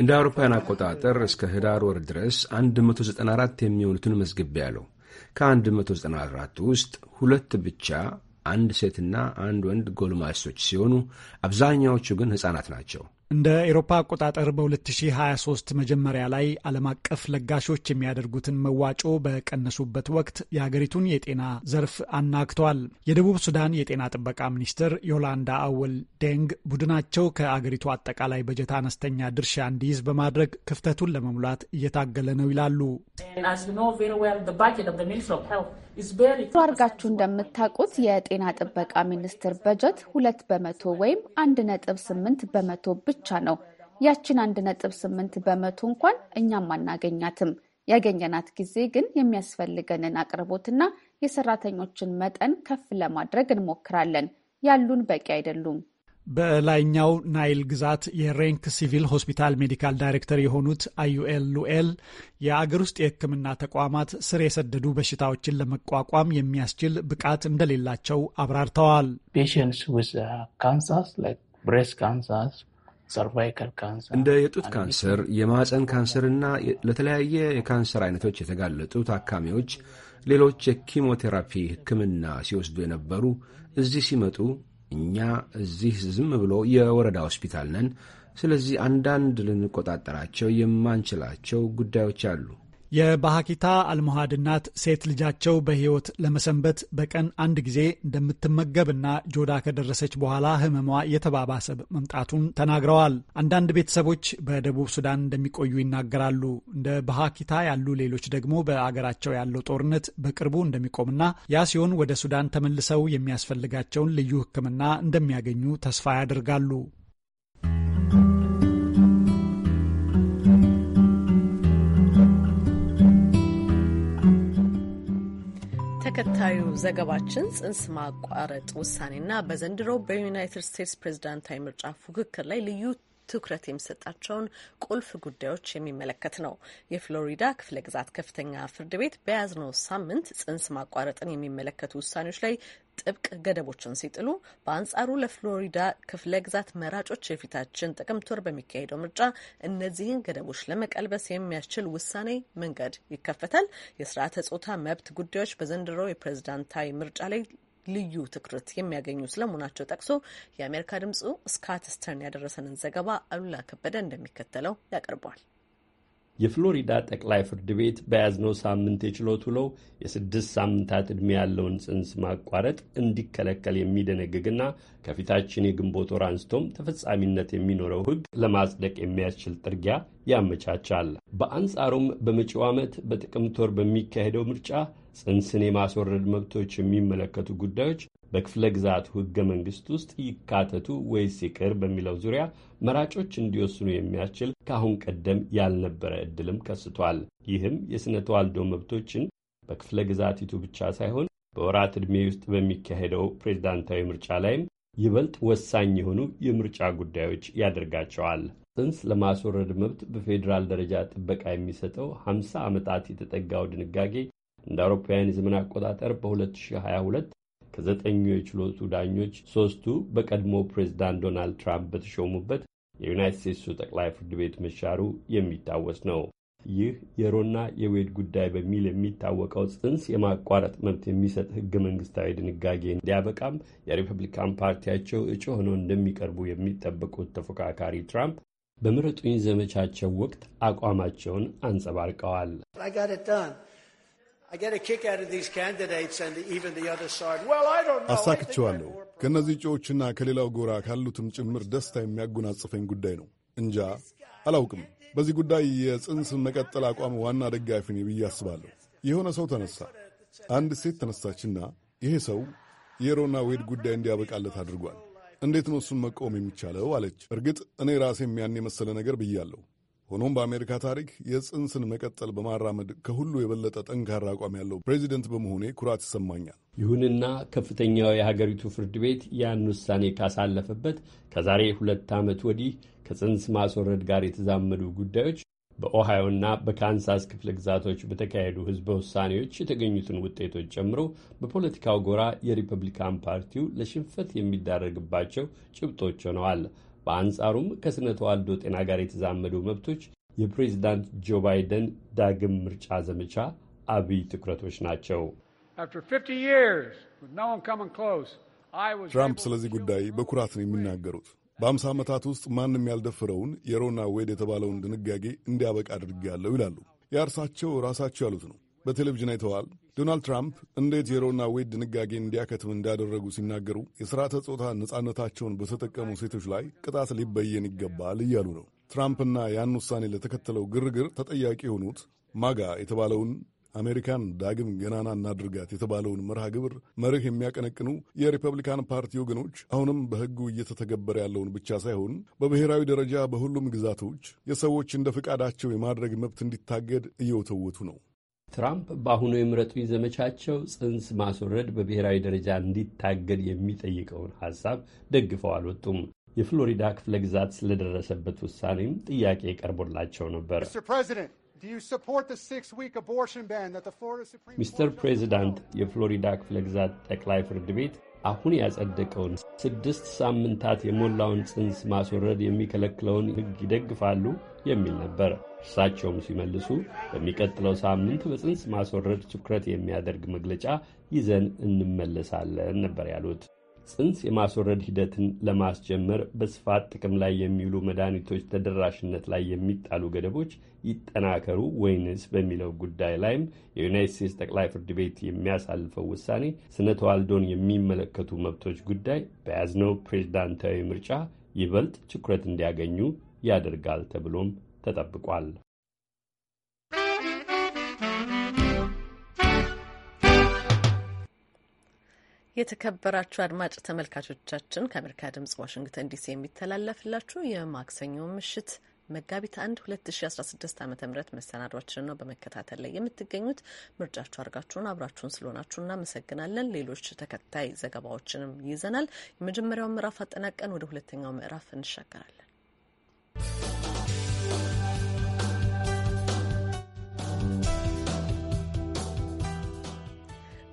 እንደ አውሮፓውያን አቆጣጠር እስከ ህዳር ወር ድረስ 194 የሚሆኑትን ያለው ከ ከ194 ውስጥ ሁለት ብቻ አንድ ሴትና አንድ ወንድ ጎልማሶች ሲሆኑ አብዛኛዎቹ ግን ሕፃናት ናቸው። እንደ ኤሮፓ አቆጣጠር በ2023 መጀመሪያ ላይ ዓለም አቀፍ ለጋሾች የሚያደርጉትን መዋጮ በቀነሱበት ወቅት የሀገሪቱን የጤና ዘርፍ አናግተዋል። የደቡብ ሱዳን የጤና ጥበቃ ሚኒስትር ዮላንዳ አወል ዴንግ ቡድናቸው ከአገሪቱ አጠቃላይ በጀት አነስተኛ ድርሻ እንዲይዝ በማድረግ ክፍተቱን ለመሙላት እየታገለ ነው ይላሉ። አድርጋችሁ እንደምታውቁት የጤና ጥበቃ ሚኒስቴር በጀት ሁለት በመቶ ወይም አንድ ነጥብ ስምንት በመቶ ብቻ ነው። ያችን አንድ ነጥብ ስምንት በመቶ እንኳን እኛም አናገኛትም። ያገኘናት ጊዜ ግን የሚያስፈልገንን አቅርቦትና የሰራተኞችን መጠን ከፍ ለማድረግ እንሞክራለን። ያሉን በቂ አይደሉም። በላይኛው ናይል ግዛት የሬንክ ሲቪል ሆስፒታል ሜዲካል ዳይሬክተር የሆኑት አዩኤል ሉኤል የአገር ውስጥ የሕክምና ተቋማት ስር የሰደዱ በሽታዎችን ለመቋቋም የሚያስችል ብቃት እንደሌላቸው አብራርተዋል። uh, እንደ የጡት ካንሰር፣ የማህፀን ካንሰር እና ለተለያየ የካንሰር አይነቶች የተጋለጡ ታካሚዎች ሌሎች የኪሞቴራፒ ሕክምና ሲወስዱ የነበሩ እዚህ ሲመጡ እኛ እዚህ ዝም ብሎ የወረዳ ሆስፒታል ነን። ስለዚህ አንዳንድ ልንቆጣጠራቸው የማንችላቸው ጉዳዮች አሉ። የባሃኪታ አልሙሃድ እናት ሴት ልጃቸው በሕይወት ለመሰንበት በቀን አንድ ጊዜ እንደምትመገብና ጆዳ ከደረሰች በኋላ ህመሟ የተባባሰ መምጣቱን ተናግረዋል። አንዳንድ ቤተሰቦች በደቡብ ሱዳን እንደሚቆዩ ይናገራሉ። እንደ ባሃኪታ ያሉ ሌሎች ደግሞ በአገራቸው ያለው ጦርነት በቅርቡ እንደሚቆምና ያ ሲሆን ወደ ሱዳን ተመልሰው የሚያስፈልጋቸውን ልዩ ሕክምና እንደሚያገኙ ተስፋ ያደርጋሉ። ተከታዩ ዘገባችን ጽንስ ማቋረጥ ውሳኔና በዘንድሮ በዩናይትድ ስቴትስ ፕሬዝዳንታዊ ምርጫ ፉክክር ላይ ልዩ ትኩረት የሚሰጣቸውን ቁልፍ ጉዳዮች የሚመለከት ነው። የፍሎሪዳ ክፍለ ግዛት ከፍተኛ ፍርድ ቤት በያዝነው ሳምንት ጽንስ ማቋረጥን የሚመለከቱ ውሳኔዎች ላይ ጥብቅ ገደቦችን ሲጥሉ በአንጻሩ ለፍሎሪዳ ክፍለ ግዛት መራጮች የፊታችን ጥቅምት ወር በሚካሄደው ምርጫ እነዚህን ገደቦች ለመቀልበስ የሚያስችል ውሳኔ መንገድ ይከፈታል። የስርዓተ ጾታ መብት ጉዳዮች በዘንድሮ የፕሬዝዳንታዊ ምርጫ ላይ ልዩ ትኩረት የሚያገኙ ስለመሆናቸው ጠቅሶ የአሜሪካ ድምፁ ስካት ስተርን ያደረሰንን ዘገባ አሉላ ከበደ እንደሚከተለው ያቀርበዋል። የፍሎሪዳ ጠቅላይ ፍርድ ቤት በያዝነው ሳምንት የችሎት ውለው የስድስት ሳምንታት ዕድሜ ያለውን ጽንስ ማቋረጥ እንዲከለከል የሚደነግግና ከፊታችን የግንቦት ወር አንስቶም ተፈጻሚነት የሚኖረው ሕግ ለማጽደቅ የሚያስችል ጥርጊያ ያመቻቻል። በአንጻሩም በመጪው ዓመት በጥቅምት ወር በሚካሄደው ምርጫ ጽንስን የማስወረድ መብቶች የሚመለከቱ ጉዳዮች በክፍለ ግዛቱ ህገ መንግስት ውስጥ ይካተቱ ወይስ ይቅር በሚለው ዙሪያ መራጮች እንዲወስኑ የሚያስችል ከአሁን ቀደም ያልነበረ እድልም ከስቷል። ይህም የሥነ ተዋልዶ መብቶችን በክፍለ ግዛቲቱ ብቻ ሳይሆን በወራት ዕድሜ ውስጥ በሚካሄደው ፕሬዝዳንታዊ ምርጫ ላይም ይበልጥ ወሳኝ የሆኑ የምርጫ ጉዳዮች ያደርጋቸዋል። ጽንስ ለማስወረድ መብት በፌዴራል ደረጃ ጥበቃ የሚሰጠው ሀምሳ ዓመታት የተጠጋው ድንጋጌ እንደ አውሮፓውያን የዘመን አቆጣጠር በ2022 ከዘጠኙ የችሎቱ ዳኞች ሶስቱ በቀድሞ ፕሬዚዳንት ዶናልድ ትራምፕ በተሾሙበት የዩናይት ስቴትሱ ጠቅላይ ፍርድ ቤት መሻሩ የሚታወስ ነው። ይህ የሮና የዌድ ጉዳይ በሚል የሚታወቀው ጽንስ የማቋረጥ መብት የሚሰጥ ህገ መንግስታዊ ድንጋጌ እንዲያበቃም የሪፐብሊካን ፓርቲያቸው እጩ ሆነው እንደሚቀርቡ የሚጠበቁት ተፎካካሪ ትራምፕ በምረጡኝ ዘመቻቸው ወቅት አቋማቸውን አንጸባርቀዋል። አሳክቸዋለሁ። ከእነዚህ እጩዎችና ከሌላው ጎራ ካሉትም ጭምር ደስታ የሚያጎናጽፈኝ ጉዳይ ነው። እንጃ አላውቅም። በዚህ ጉዳይ የጽንስ መቀጠል አቋም ዋና ደጋፊ ነኝ ብዬ አስባለሁ። የሆነ ሰው ተነሳ፣ አንድ ሴት ተነሳችና ይሄ ሰው የሮና ዌድ ጉዳይ እንዲያበቃለት አድርጓል። እንዴት ነው እሱን መቃወም የሚቻለው? አለች። እርግጥ እኔ ራሴም ያን የመሰለ ነገር ብያለሁ። ሆኖም በአሜሪካ ታሪክ የጽንስን መቀጠል በማራመድ ከሁሉ የበለጠ ጠንካራ አቋም ያለው ፕሬዚደንት በመሆኔ ኩራት ይሰማኛል። ይሁንና ከፍተኛው የሀገሪቱ ፍርድ ቤት ያን ውሳኔ ካሳለፈበት ከዛሬ ሁለት ዓመት ወዲህ ከጽንስ ማስወረድ ጋር የተዛመዱ ጉዳዮች በኦሃዮና በካንሳስ ክፍለ ግዛቶች በተካሄዱ ህዝበ ውሳኔዎች የተገኙትን ውጤቶች ጨምሮ በፖለቲካው ጎራ የሪፐብሊካን ፓርቲው ለሽንፈት የሚዳረግባቸው ጭብጦች ሆነዋል። በአንጻሩም ከስነ ተዋልዶ ጤና ጋር የተዛመዱ መብቶች የፕሬዚዳንት ጆ ባይደን ዳግም ምርጫ ዘመቻ አብይ ትኩረቶች ናቸው። ትራምፕ ስለዚህ ጉዳይ በኩራት ነው የሚናገሩት። በአምሳ ዓመታት ውስጥ ማንም ያልደፈረውን የሮና ዌድ የተባለውን ድንጋጌ እንዲያበቃ አድርጌያለሁ ይላሉ። የእርሳቸው ራሳቸው ያሉት ነው። በቴሌቪዥን አይተዋል። ዶናልድ ትራምፕ እንዴት የሮና ዌድ ድንጋጌ እንዲያከትም እንዳደረጉ ሲናገሩ የሥርዓተ ጾታ ነጻነታቸውን በተጠቀሙ ሴቶች ላይ ቅጣት ሊበየን ይገባል እያሉ ነው። ትራምፕና ያን ውሳኔ ለተከተለው ግርግር ተጠያቂ የሆኑት ማጋ የተባለውን አሜሪካን ዳግም ገናና እናድርጋት የተባለውን መርሃ ግብር መርህ የሚያቀነቅኑ የሪፐብሊካን ፓርቲ ወገኖች አሁንም በሕጉ እየተተገበረ ያለውን ብቻ ሳይሆን በብሔራዊ ደረጃ በሁሉም ግዛቶች የሰዎች እንደ ፈቃዳቸው የማድረግ መብት እንዲታገድ እየወተወቱ ነው። ትራምፕ በአሁኑ የምረጡኝ ዘመቻቸው ጽንስ ማስወረድ በብሔራዊ ደረጃ እንዲታገድ የሚጠይቀውን ሀሳብ ደግፈው አልወጡም። የፍሎሪዳ ክፍለ ግዛት ስለደረሰበት ውሳኔም ጥያቄ ቀርቦላቸው ነበር። ሚስተር ፕሬዚዳንት፣ የፍሎሪዳ ክፍለ ግዛት ጠቅላይ ፍርድ ቤት አሁን ያጸደቀውን ስድስት ሳምንታት የሞላውን ጽንስ ማስወረድ የሚከለክለውን ሕግ ይደግፋሉ የሚል ነበር። እሳቸውም ሲመልሱ በሚቀጥለው ሳምንት በጽንስ ማስወረድ ትኩረት የሚያደርግ መግለጫ ይዘን እንመለሳለን ነበር ያሉት። ጽንስ የማስወረድ ሂደትን ለማስጀመር በስፋት ጥቅም ላይ የሚውሉ መድኃኒቶች ተደራሽነት ላይ የሚጣሉ ገደቦች ይጠናከሩ ወይንስ በሚለው ጉዳይ ላይም የዩናይት ስቴትስ ጠቅላይ ፍርድ ቤት የሚያሳልፈው ውሳኔ ስነ ተዋልዶን የሚመለከቱ መብቶች ጉዳይ በያዝነው ፕሬዝዳንታዊ ምርጫ ይበልጥ ትኩረት እንዲያገኙ ያደርጋል ተብሎም ተጠብቋል። የተከበራችሁ አድማጭ ተመልካቾቻችን ከአሜሪካ ድምጽ ዋሽንግተን ዲሲ የሚተላለፍላችሁ የማክሰኞ ምሽት መጋቢት አንድ 2016 ዓ ም መሰናዷችን ነው በመከታተል ላይ የምትገኙት። ምርጫችሁ አድርጋችሁን አብራችሁን ስለሆናችሁ እናመሰግናለን። ሌሎች ተከታይ ዘገባዎችንም ይዘናል። የመጀመሪያውን ምዕራፍ አጠናቀን ወደ ሁለተኛው ምዕራፍ እንሻገራለን።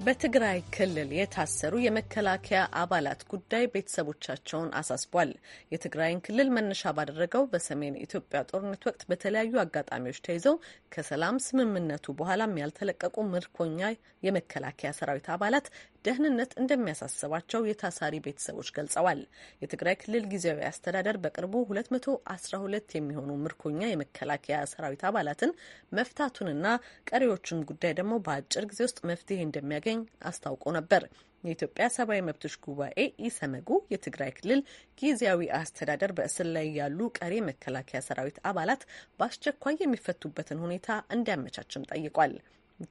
በትግራይ ክልል የታሰሩ የመከላከያ አባላት ጉዳይ ቤተሰቦቻቸውን አሳስቧል። የትግራይን ክልል መነሻ ባደረገው በሰሜን ኢትዮጵያ ጦርነት ወቅት በተለያዩ አጋጣሚዎች ተይዘው ከሰላም ስምምነቱ በኋላም ያልተለቀቁ ምርኮኛ የመከላከያ ሰራዊት አባላት ደህንነት እንደሚያሳስባቸው የታሳሪ ቤተሰቦች ገልጸዋል። የትግራይ ክልል ጊዜያዊ አስተዳደር በቅርቡ 212 የሚሆኑ ምርኮኛ የመከላከያ ሰራዊት አባላትን መፍታቱንና ቀሪዎቹን ጉዳይ ደግሞ በአጭር ጊዜ ውስጥ መፍትሄ እንደሚያገኝ አስታውቆ ነበር። የኢትዮጵያ ሰብአዊ መብቶች ጉባኤ ኢሰመጉ የትግራይ ክልል ጊዜያዊ አስተዳደር በእስር ላይ ያሉ ቀሪ መከላከያ ሰራዊት አባላት በአስቸኳይ የሚፈቱበትን ሁኔታ እንዲያመቻችም ጠይቋል።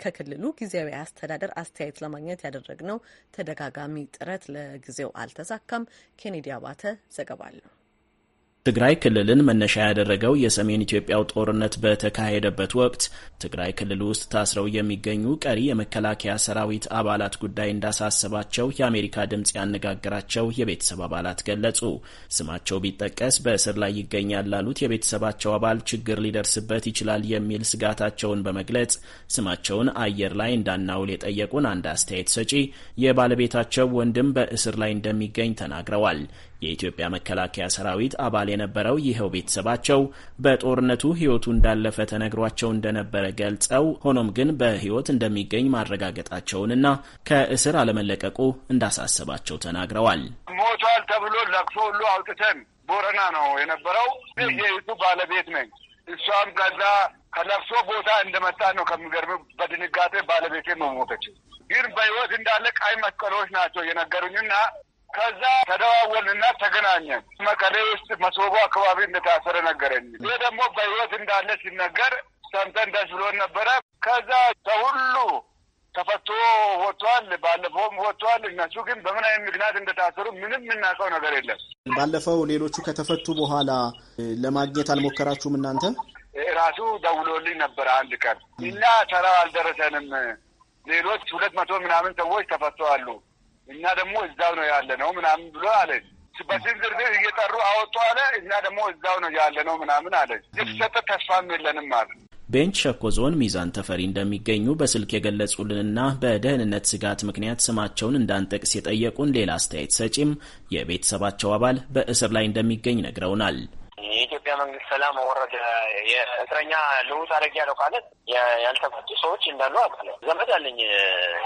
ከክልሉ ጊዜያዊ አስተዳደር አስተያየት ለማግኘት ያደረግነው ተደጋጋሚ ጥረት ለጊዜው አልተሳካም። ኬኔዲ አባተ ዘገባ አለው። ትግራይ ክልልን መነሻ ያደረገው የሰሜን ኢትዮጵያው ጦርነት በተካሄደበት ወቅት ትግራይ ክልል ውስጥ ታስረው የሚገኙ ቀሪ የመከላከያ ሰራዊት አባላት ጉዳይ እንዳሳሰባቸው የአሜሪካ ድምፅ ያነጋገራቸው የቤተሰብ አባላት ገለጹ። ስማቸው ቢጠቀስ በእስር ላይ ይገኛል ላሉት የቤተሰባቸው አባል ችግር ሊደርስበት ይችላል የሚል ስጋታቸውን በመግለጽ ስማቸውን አየር ላይ እንዳናውል የጠየቁን አንድ አስተያየት ሰጪ የባለቤታቸው ወንድም በእስር ላይ እንደሚገኝ ተናግረዋል። የኢትዮጵያ መከላከያ ሰራዊት አባል የነበረው ይኸው ቤተሰባቸው በጦርነቱ ሕይወቱ እንዳለፈ ተነግሯቸው እንደነበረ ገልጸው ሆኖም ግን በሕይወት እንደሚገኝ ማረጋገጣቸውንና ከእስር አለመለቀቁ እንዳሳሰባቸው ተናግረዋል። ሞቷል ተብሎ ለቅሶ ሁሉ አውጥተን ቦረና ነው የነበረው። የቤቱ ባለቤት ነኝ። እሷም ከዛ ከለቅሶ ቦታ እንደመጣ ነው ከሚገርም በድንጋጤ ባለቤቴ መሞተች። ግን በህይወት እንዳለ ቀይ መስቀሎች ናቸው የነገሩኝና ከዛ ተደዋወልንና ተገናኘን። መቀሌ ውስጥ መስቦቡ አካባቢ እንደታሰረ ነገረኝ። ይህ ደግሞ በህይወት እንዳለ ሲነገር ሰምተን ደስ ብሎን ነበረ። ከዛ ተሁሉ ተፈቶ ወጥቷል። ባለፈውም ወጥቷል። እነሱ ግን በምን አይነት ምክንያት እንደታሰሩ ምንም የምናውቀው ነገር የለም። ባለፈው ሌሎቹ ከተፈቱ በኋላ ለማግኘት አልሞከራችሁም እናንተ? ራሱ ደውሎልኝ ነበረ አንድ ቀን እና ተራው አልደረሰንም። ሌሎች ሁለት መቶ ምናምን ሰዎች አሉ እኛ ደግሞ እዛው ነው ያለ ነው ምናምን ብሎ አለ በስንዝር ዝርዝር እየጠሩ አወጡ አለ። እኛ ደግሞ እዛው ነው ያለ ነው ምናምን አለ። የተሰጠ ተስፋም የለንም አለ። ቤንች ሸኮ ዞን ሚዛን ተፈሪ እንደሚገኙ በስልክ የገለጹልንና በደህንነት ስጋት ምክንያት ስማቸውን እንዳንጠቅስ የጠየቁን ሌላ አስተያየት ሰጪም የቤተሰባቸው አባል በእስር ላይ እንደሚገኝ ነግረውናል። የኢትዮጵያ መንግስት ሰላም ወረደ የእስረኛ ልውጥ አድርግ ያለው ቃለት ያልተፈቱ ሰዎች እንዳሉ አውቃለሁ። ዘመድ አለኝ፣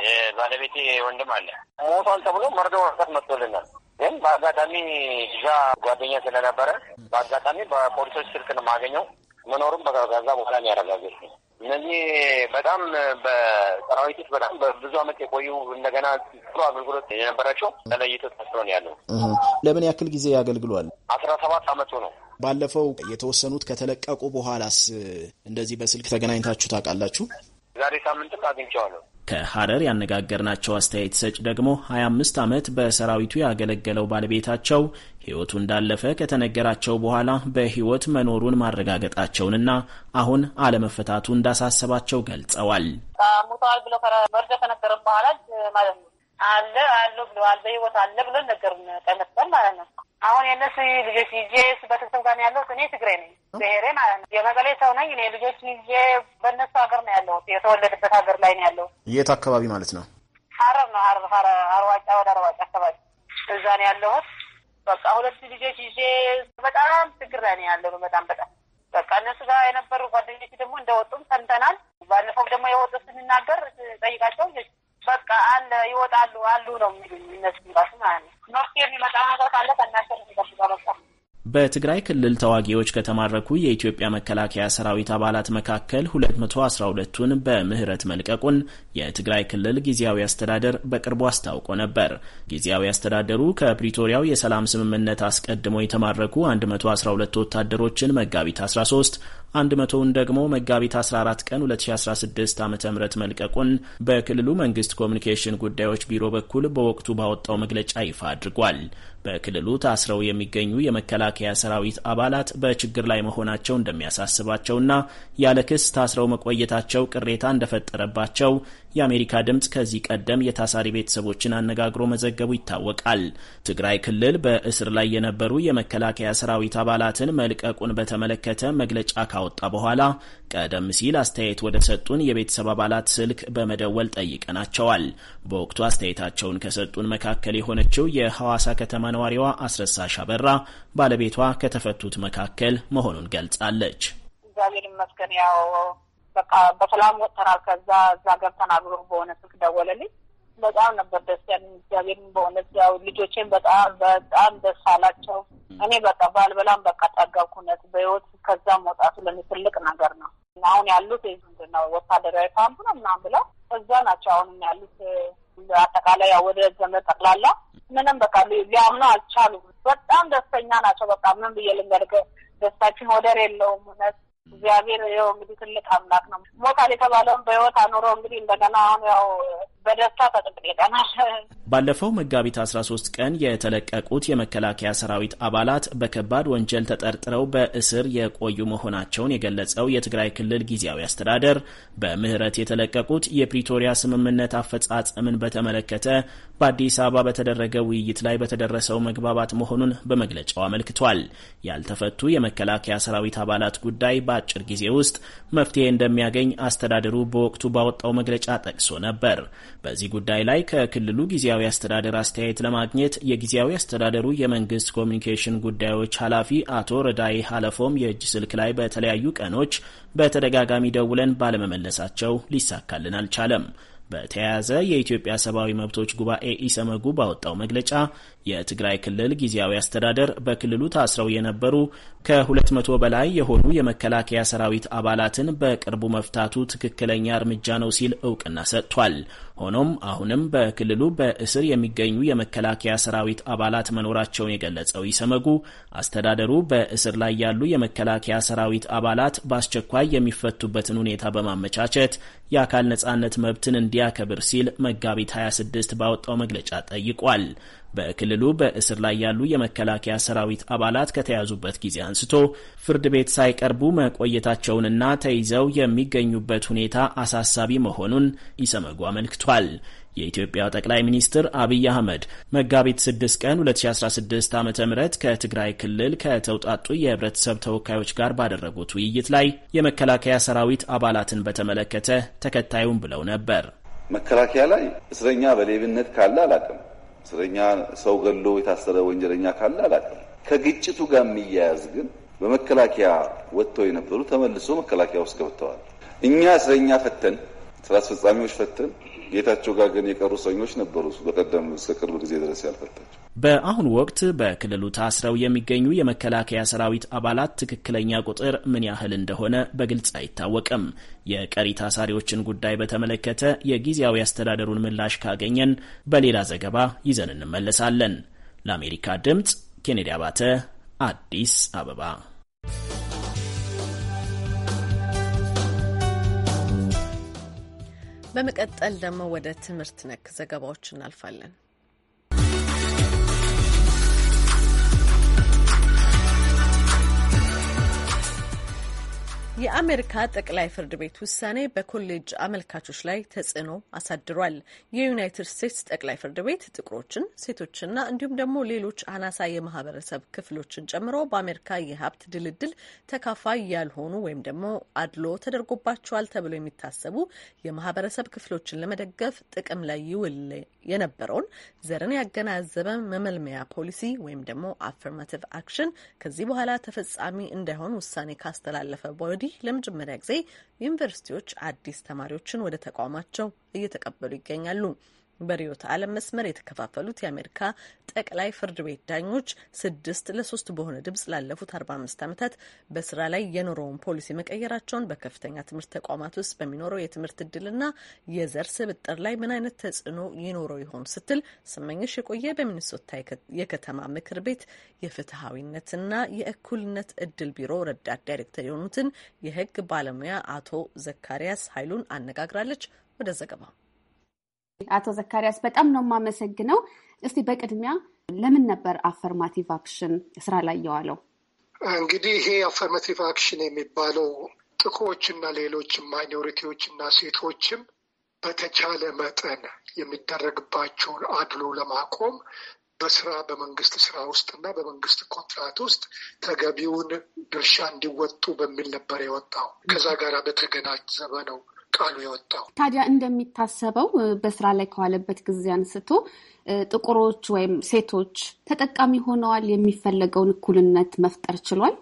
የባለቤቴ ወንድም አለ። ሞቷል ተብሎ መርዶ ወረቀት መጥቶልናል። ግን በአጋጣሚ እዛ ጓደኛ ስለነበረ በአጋጣሚ በፖሊሶች ስልክ ነው የማገኘው። መኖሩም በጋዛ በኋላ ነው እነዚህ በጣም በሰራዊቶች በጣም በብዙ ዓመት የቆዩ እንደገና ጥሩ አገልግሎት የነበራቸው ተለይቶ ታስሮ ነው ያለው። ለምን ያክል ጊዜ ያገልግሏል? አስራ ሰባት አመቱ ነው። ባለፈው የተወሰኑት ከተለቀቁ በኋላስ እንደዚህ በስልክ ተገናኝታችሁ ታውቃላችሁ? ዛሬ ሳምንትም አግኝቼዋለሁ። ከሐረር ያነጋገርናቸው አስተያየት ሰጭ ደግሞ 25 ዓመት በሰራዊቱ ያገለገለው ባለቤታቸው ሕይወቱ እንዳለፈ ከተነገራቸው በኋላ በሕይወት መኖሩን ማረጋገጣቸውንና አሁን አለመፈታቱ እንዳሳሰባቸው ገልጸዋል። ሙተዋል ብሎ መርጃ ከነገረም በኋላ ማለት ነው አለ አሉ ብለዋል። በህይወት አለ ብለን ነገር ጠመጥጠን ማለት ነው። አሁን የእነሱ ልጆች ይዤ በተሰብ ጋር ያለው እኔ ትግሬ ነኝ፣ ብሔሬ ማለት ነው። የመቀሌ ሰው ነኝ እኔ። ልጆች ይዤ በእነሱ ሀገር ነው ያለው፣ የተወለደበት ሀገር ላይ ነው ያለው። የት አካባቢ ማለት ነው? ሀረር ነው። ሀረር፣ አርዋጫ ወደ አርዋጫ አካባቢ እዛ ነው ያለሁት። በቃ ሁለት ልጆች ይዤ በጣም ችግር ላይ ነው ያለው። በጣም በጣም በቃ እነሱ ጋር የነበሩ ጓደኞች ደግሞ እንደወጡም ሰምተናል። ባለፈው ደግሞ የወጡ ስንናገር ጠይቃቸው በቃ አለ ይወጣሉ አሉ ነው የሚሉኝ እነሱ ራሱ ማለት ነው። መፍትሄ የሚመጣ ነገር ካለ ከናሸር የሚጠብቀ በቃ በትግራይ ክልል ተዋጊዎች ከተማረኩ የኢትዮጵያ መከላከያ ሰራዊት አባላት መካከል 212ቱን በምህረት መልቀቁን የትግራይ ክልል ጊዜያዊ አስተዳደር በቅርቡ አስታውቆ ነበር። ጊዜያዊ አስተዳደሩ ከፕሪቶሪያው የሰላም ስምምነት አስቀድሞ የተማረኩ 112 ወታደሮችን መጋቢት 13 አንድ መቶውን ደግሞ መጋቢት 14 ቀን 2016 ዓ ም መልቀቁን በክልሉ መንግስት ኮሚኒኬሽን ጉዳዮች ቢሮ በኩል በወቅቱ ባወጣው መግለጫ ይፋ አድርጓል። በክልሉ ታስረው የሚገኙ የመከላከያ ሰራዊት አባላት በችግር ላይ መሆናቸው እንደሚያሳስባቸውና ያለ ክስ ታስረው መቆየታቸው ቅሬታ እንደፈጠረባቸው የአሜሪካ ድምፅ ከዚህ ቀደም የታሳሪ ቤተሰቦችን አነጋግሮ መዘገቡ ይታወቃል። ትግራይ ክልል በእስር ላይ የነበሩ የመከላከያ ሰራዊት አባላትን መልቀቁን በተመለከተ መግለጫ ካወጣ በኋላ ቀደም ሲል አስተያየት ወደ ሰጡን የቤተሰብ አባላት ስልክ በመደወል ጠይቀናቸዋል። በወቅቱ አስተያየታቸውን ከሰጡን መካከል የሆነችው የሐዋሳ ከተማ ነዋሪዋ አስረሳሽ አበራ ባለቤቷ ከተፈቱት መካከል መሆኑን ገልጻለች። እግዚአብሔር ይመስገን ያው በቃ በሰላም ወጥተናል። ከዛ እዛ ገብተናል ብሎ በሆነ ስልክ ደወለልኝ። በጣም ነበር ደስ ያለኝ። እግዚአብሔር በእውነት ያው ልጆቼን በጣም በጣም ደስ አላቸው። እኔ በቃ ባልበላም በቃ ጠገብኩ። እውነት በህይወት ከዛ መውጣቱ ለእኔ ትልቅ ነገር ነው። አሁን ያሉት ምንድን ነው ወታደራዊ ካምፕ ነው ምናምን ብለው እዛ ናቸው አሁንም ያሉት አጠቃላይ ወደ ዘመድ ጠቅላላ ምንም በቃ ሊያምኑ አልቻሉም። በጣም ደስተኛ ናቸው። በቃ ምን ብዬ ልንገርህ፣ ደስታችን ወደር የለውም እውነት እግዚአብሔር ያው እንግዲህ ትልቅ አምላክ ነው። ሞታል የተባለውን በህይወት አኑሮ እንግዲህ እንደገና አሁን ያው በደስታ ተጠቅልቀናል። ባለፈው መጋቢት 13 ቀን የተለቀቁት የመከላከያ ሰራዊት አባላት በከባድ ወንጀል ተጠርጥረው በእስር የቆዩ መሆናቸውን የገለጸው የትግራይ ክልል ጊዜያዊ አስተዳደር በምህረት የተለቀቁት የፕሪቶሪያ ስምምነት አፈጻጸምን በተመለከተ በአዲስ አበባ በተደረገ ውይይት ላይ በተደረሰው መግባባት መሆኑን በመግለጫው አመልክቷል። ያልተፈቱ የመከላከያ ሰራዊት አባላት ጉዳይ በአጭር ጊዜ ውስጥ መፍትሄ እንደሚያገኝ አስተዳደሩ በወቅቱ ባወጣው መግለጫ ጠቅሶ ነበር። በዚህ ጉዳይ ላይ ከክልሉ ጊዜያዊ አስተዳደር አስተያየት ለማግኘት የጊዜያዊ አስተዳደሩ የመንግስት ኮሚኒኬሽን ጉዳዮች ኃላፊ አቶ ረዳይ ሀለፎም የእጅ ስልክ ላይ በተለያዩ ቀኖች በተደጋጋሚ ደውለን ባለመመለሳቸው ሊሳካልን አልቻለም። በተያያዘ የኢትዮጵያ ሰብአዊ መብቶች ጉባኤ ኢሰመጉ ባወጣው መግለጫ የትግራይ ክልል ጊዜያዊ አስተዳደር በክልሉ ታስረው የነበሩ ከ200 በላይ የሆኑ የመከላከያ ሰራዊት አባላትን በቅርቡ መፍታቱ ትክክለኛ እርምጃ ነው ሲል እውቅና ሰጥቷል። ሆኖም አሁንም በክልሉ በእስር የሚገኙ የመከላከያ ሰራዊት አባላት መኖራቸውን የገለጸው ይሰመጉ አስተዳደሩ በእስር ላይ ያሉ የመከላከያ ሰራዊት አባላት በአስቸኳይ የሚፈቱበትን ሁኔታ በማመቻቸት የአካል ነጻነት መብትን እንዲያከብር ሲል መጋቢት 26 ባወጣው መግለጫ ጠይቋል። በክልሉ በእስር ላይ ያሉ የመከላከያ ሰራዊት አባላት ከተያዙበት ጊዜ አንስቶ ፍርድ ቤት ሳይቀርቡ መቆየታቸውንና ተይዘው የሚገኙበት ሁኔታ አሳሳቢ መሆኑን ኢሰመጉ አመልክቷል። ተላልፏል። የኢትዮጵያ ጠቅላይ ሚኒስትር አብይ አህመድ መጋቢት 6 ቀን 2016 ዓ ም ከትግራይ ክልል ከተውጣጡ የህብረተሰብ ተወካዮች ጋር ባደረጉት ውይይት ላይ የመከላከያ ሰራዊት አባላትን በተመለከተ ተከታዩን ብለው ነበር። መከላከያ ላይ እስረኛ በሌብነት ካለ አላቅም፣ እስረኛ ሰው ገሎ የታሰረ ወንጀለኛ ካለ አላቅም። ከግጭቱ ጋር የሚያያዝ ግን በመከላከያ ወጥተው የነበሩ ተመልሶ መከላከያ ውስጥ ገብተዋል። እኛ እስረኛ ፈተን፣ ስራ አስፈጻሚዎች ፈተን ጌታቸው ጋር ግን የቀሩ እስረኞች ነበሩ። በቀደም እስከ ቅርብ ጊዜ ድረስ ያልፈታቸው። በአሁኑ ወቅት በክልሉ ታስረው የሚገኙ የመከላከያ ሰራዊት አባላት ትክክለኛ ቁጥር ምን ያህል እንደሆነ በግልጽ አይታወቅም። የቀሪ ታሳሪዎችን ጉዳይ በተመለከተ የጊዜያዊ አስተዳደሩን ምላሽ ካገኘን በሌላ ዘገባ ይዘን እንመለሳለን። ለአሜሪካ ድምፅ ኬኔዲ አባተ አዲስ አበባ በመቀጠል ደግሞ ወደ ትምህርት ነክ ዘገባዎች እናልፋለን። የአሜሪካ ጠቅላይ ፍርድ ቤት ውሳኔ በኮሌጅ አመልካቾች ላይ ተጽዕኖ አሳድሯል። የዩናይትድ ስቴትስ ጠቅላይ ፍርድ ቤት ጥቁሮችን፣ ሴቶችና እንዲሁም ደግሞ ሌሎች አናሳ የማህበረሰብ ክፍሎችን ጨምሮ በአሜሪካ የሀብት ድልድል ተካፋይ ያልሆኑ ወይም ደግሞ አድሎ ተደርጎባቸዋል ተብሎ የሚታሰቡ የማህበረሰብ ክፍሎችን ለመደገፍ ጥቅም ላይ ይውል የነበረውን ዘርን ያገናዘበ መመልመያ ፖሊሲ ወይም ደግሞ አፈርማቲቭ አክሽን ከዚህ በኋላ ተፈጻሚ እንዳይሆን ውሳኔ ካስተላለፈ ወዲህ ለመጀመሪያ ጊዜ ዩኒቨርሲቲዎች አዲስ ተማሪዎችን ወደ ተቋማቸው እየተቀበሉ ይገኛሉ። በርዕዮተ ዓለም መስመር የተከፋፈሉት የአሜሪካ ጠቅላይ ፍርድ ቤት ዳኞች ስድስት ለሶስት በሆነ ድምጽ ላለፉት አርባ አምስት ዓመታት በስራ ላይ የኖረውን ፖሊሲ መቀየራቸውን በከፍተኛ ትምህርት ተቋማት ውስጥ በሚኖረው የትምህርት እድልና የዘር ስብጥር ላይ ምን አይነት ተጽዕኖ ይኖረው ይሆን ስትል ስመኝሽ የቆየ በሚኒሶታ የከተማ ምክር ቤት የፍትሐዊነትና የእኩልነት እድል ቢሮ ረዳት ዳይሬክተር የሆኑትን የህግ ባለሙያ አቶ ዘካሪያስ ኃይሉን አነጋግራለች። ወደ ዘገባው አቶ ዘካሪያስ በጣም ነው የማመሰግነው። እስቲ በቅድሚያ ለምን ነበር አፈርማቲቭ አክሽን ስራ ላይ የዋለው? እንግዲህ ይሄ አፈርማቲቭ አክሽን የሚባለው ጥቁሮች እና ሌሎችም ማይኖሪቲዎች እና ሴቶችም በተቻለ መጠን የሚደረግባቸውን አድሎ ለማቆም በስራ በመንግስት ስራ ውስጥ እና በመንግስት ኮንትራት ውስጥ ተገቢውን ድርሻ እንዲወጡ በሚል ነበር የወጣው። ከዛ ጋር በተገናዘበ ነው ቃሉ የወጣው። ታዲያ እንደሚታሰበው በስራ ላይ ከዋለበት ጊዜ አንስቶ ጥቁሮች ወይም ሴቶች ተጠቃሚ ሆነዋል። የሚፈለገውን እኩልነት መፍጠር ችሏል።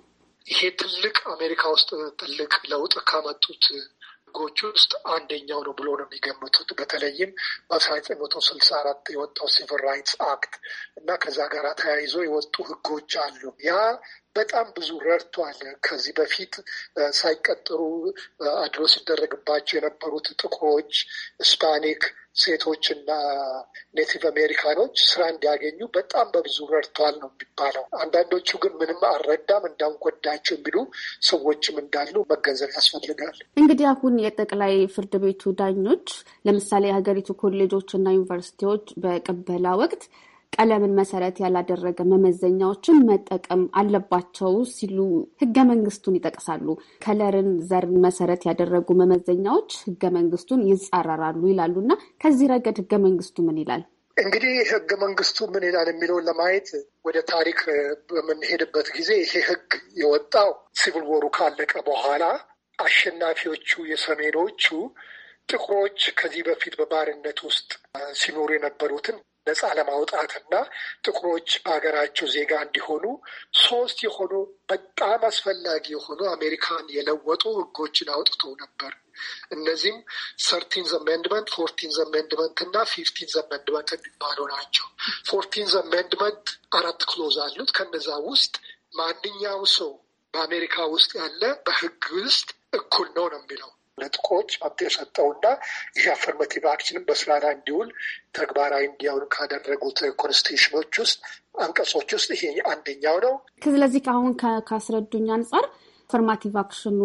ይሄ ትልቅ አሜሪካ ውስጥ ትልቅ ለውጥ ካመጡት ህጎች ውስጥ አንደኛው ነው ብሎ ነው የሚገምቱት። በተለይም በአስራ ዘጠኝ መቶ ስልሳ አራት የወጣው ሲቪል ራይትስ አክት እና ከዛ ጋር ተያይዞ የወጡ ህጎች አሉ። ያ በጣም ብዙ ረድቷል። ከዚህ በፊት ሳይቀጥሩ አድሮ ሲደረግባቸው የነበሩት ጥቁሮች፣ ስፓኒክ ሴቶች እና ኔቲቭ አሜሪካኖች ስራ እንዲያገኙ በጣም በብዙ ረድቷል ነው የሚባለው። አንዳንዶቹ ግን ምንም አልረዳም እንዳንጎዳቸው የሚሉ ሰዎችም እንዳሉ መገንዘብ ያስፈልጋል። እንግዲህ አሁን የጠቅላይ ፍርድ ቤቱ ዳኞች ለምሳሌ የሀገሪቱ ኮሌጆች እና ዩኒቨርሲቲዎች በቅበላ ወቅት ቀለምን መሰረት ያላደረገ መመዘኛዎችን መጠቀም አለባቸው ሲሉ ህገ መንግስቱን ይጠቅሳሉ። ከለርን፣ ዘርን መሰረት ያደረጉ መመዘኛዎች ህገ መንግስቱን ይጻረራሉ ይላሉ እና ከዚህ ረገድ ህገ መንግስቱ ምን ይላል? እንግዲህ ህገ መንግስቱ ምን ይላል የሚለውን ለማየት ወደ ታሪክ በምንሄድበት ጊዜ ይሄ ህግ የወጣው ሲቪል ወሩ ካለቀ በኋላ አሸናፊዎቹ የሰሜኖቹ ጥቁሮች ከዚህ በፊት በባርነት ውስጥ ሲኖሩ የነበሩትን ነጻ ለማውጣትና ጥቁሮች በሀገራቸው ዜጋ እንዲሆኑ ሶስት የሆኑ በጣም አስፈላጊ የሆኑ አሜሪካን የለወጡ ህጎችን አውጥቶ ነበር። እነዚህም ሰርቲን አሜንድመንት፣ ፎርቲን አሜንድመንት እና ፊፍቲን አሜንድመንት የሚባሉ ናቸው። ፎርቲን አሜንድመንት አራት ክሎዝ አሉት። ከነዛ ውስጥ ማንኛውም ሰው በአሜሪካ ውስጥ ያለ በህግ ውስጥ እኩል ነው ነው የሚለው ለጥቆች መብት የሰጠውና ይህ አፈርማቲቭ አክሽንም በስራ ላይ እንዲውል ተግባራዊ እንዲያውል ካደረጉት ኮንስቲቱሽኖች ውስጥ አንቀጾች ውስጥ ይሄ አንደኛው ነው። ስለዚህ አሁን ካስረዱኝ አንጻር አፈርማቲቭ አክሽኑ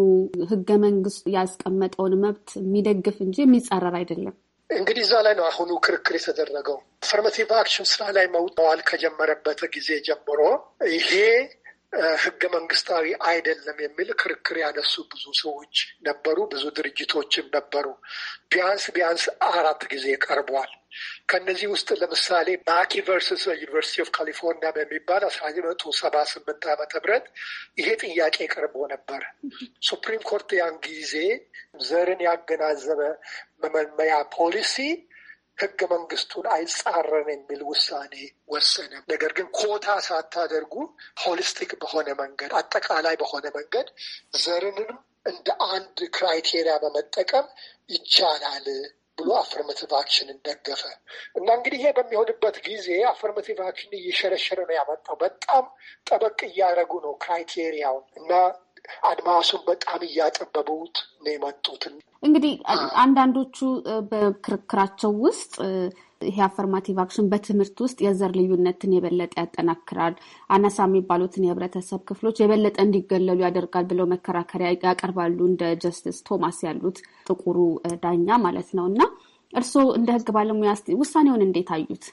ህገ መንግስቱ ያስቀመጠውን መብት የሚደግፍ እንጂ የሚጻረር አይደለም። እንግዲህ እዛ ላይ ነው አሁኑ ክርክር የተደረገው። አፈርማቲቭ አክሽን ስራ ላይ መዋል ከጀመረበት ጊዜ ጀምሮ ይሄ ህገ መንግስታዊ አይደለም የሚል ክርክር ያነሱ ብዙ ሰዎች ነበሩ፣ ብዙ ድርጅቶችም ነበሩ። ቢያንስ ቢያንስ አራት ጊዜ ቀርቧል። ከነዚህ ውስጥ ለምሳሌ ማኪ ቨርስስ ዩኒቨርሲቲ ኦፍ ካሊፎርኒያ በሚባል አስራ ዘጠኝ መቶ ሰባ ስምንት ዓመተ ምህረት ይሄ ጥያቄ ቀርቦ ነበር። ሱፕሪም ኮርት ያን ጊዜ ዘርን ያገናዘበ መመልመያ ፖሊሲ ህገ መንግስቱን አይጻረን የሚል ውሳኔ ወሰነ። ነገር ግን ኮታ ሳታደርጉ ሆሊስቲክ በሆነ መንገድ አጠቃላይ በሆነ መንገድ ዘርንም እንደ አንድ ክራይቴሪያ በመጠቀም ይቻላል ብሎ አፈርማቲቭ አክሽንን ደገፈ እና እንግዲህ ይሄ በሚሆንበት ጊዜ አፈርማቲቭ አክሽን እየሸረሸረ ነው ያመጣው። በጣም ጠበቅ እያደረጉ ነው ክራይቴሪያውን እና አድማሱን በጣም እያጠበቡት ነው የመጡትን። እንግዲህ አንዳንዶቹ በክርክራቸው ውስጥ ይሄ አፈርማቲቭ አክሽን በትምህርት ውስጥ የዘር ልዩነትን የበለጠ ያጠናክራል፣ አነሳ የሚባሉትን የህብረተሰብ ክፍሎች የበለጠ እንዲገለሉ ያደርጋል ብለው መከራከሪያ ያቀርባሉ። እንደ ጀስቲስ ቶማስ ያሉት ጥቁሩ ዳኛ ማለት ነው። እና እርስዎ እንደ ህግ ባለሙያ ውሳኔውን እንዴት አዩት?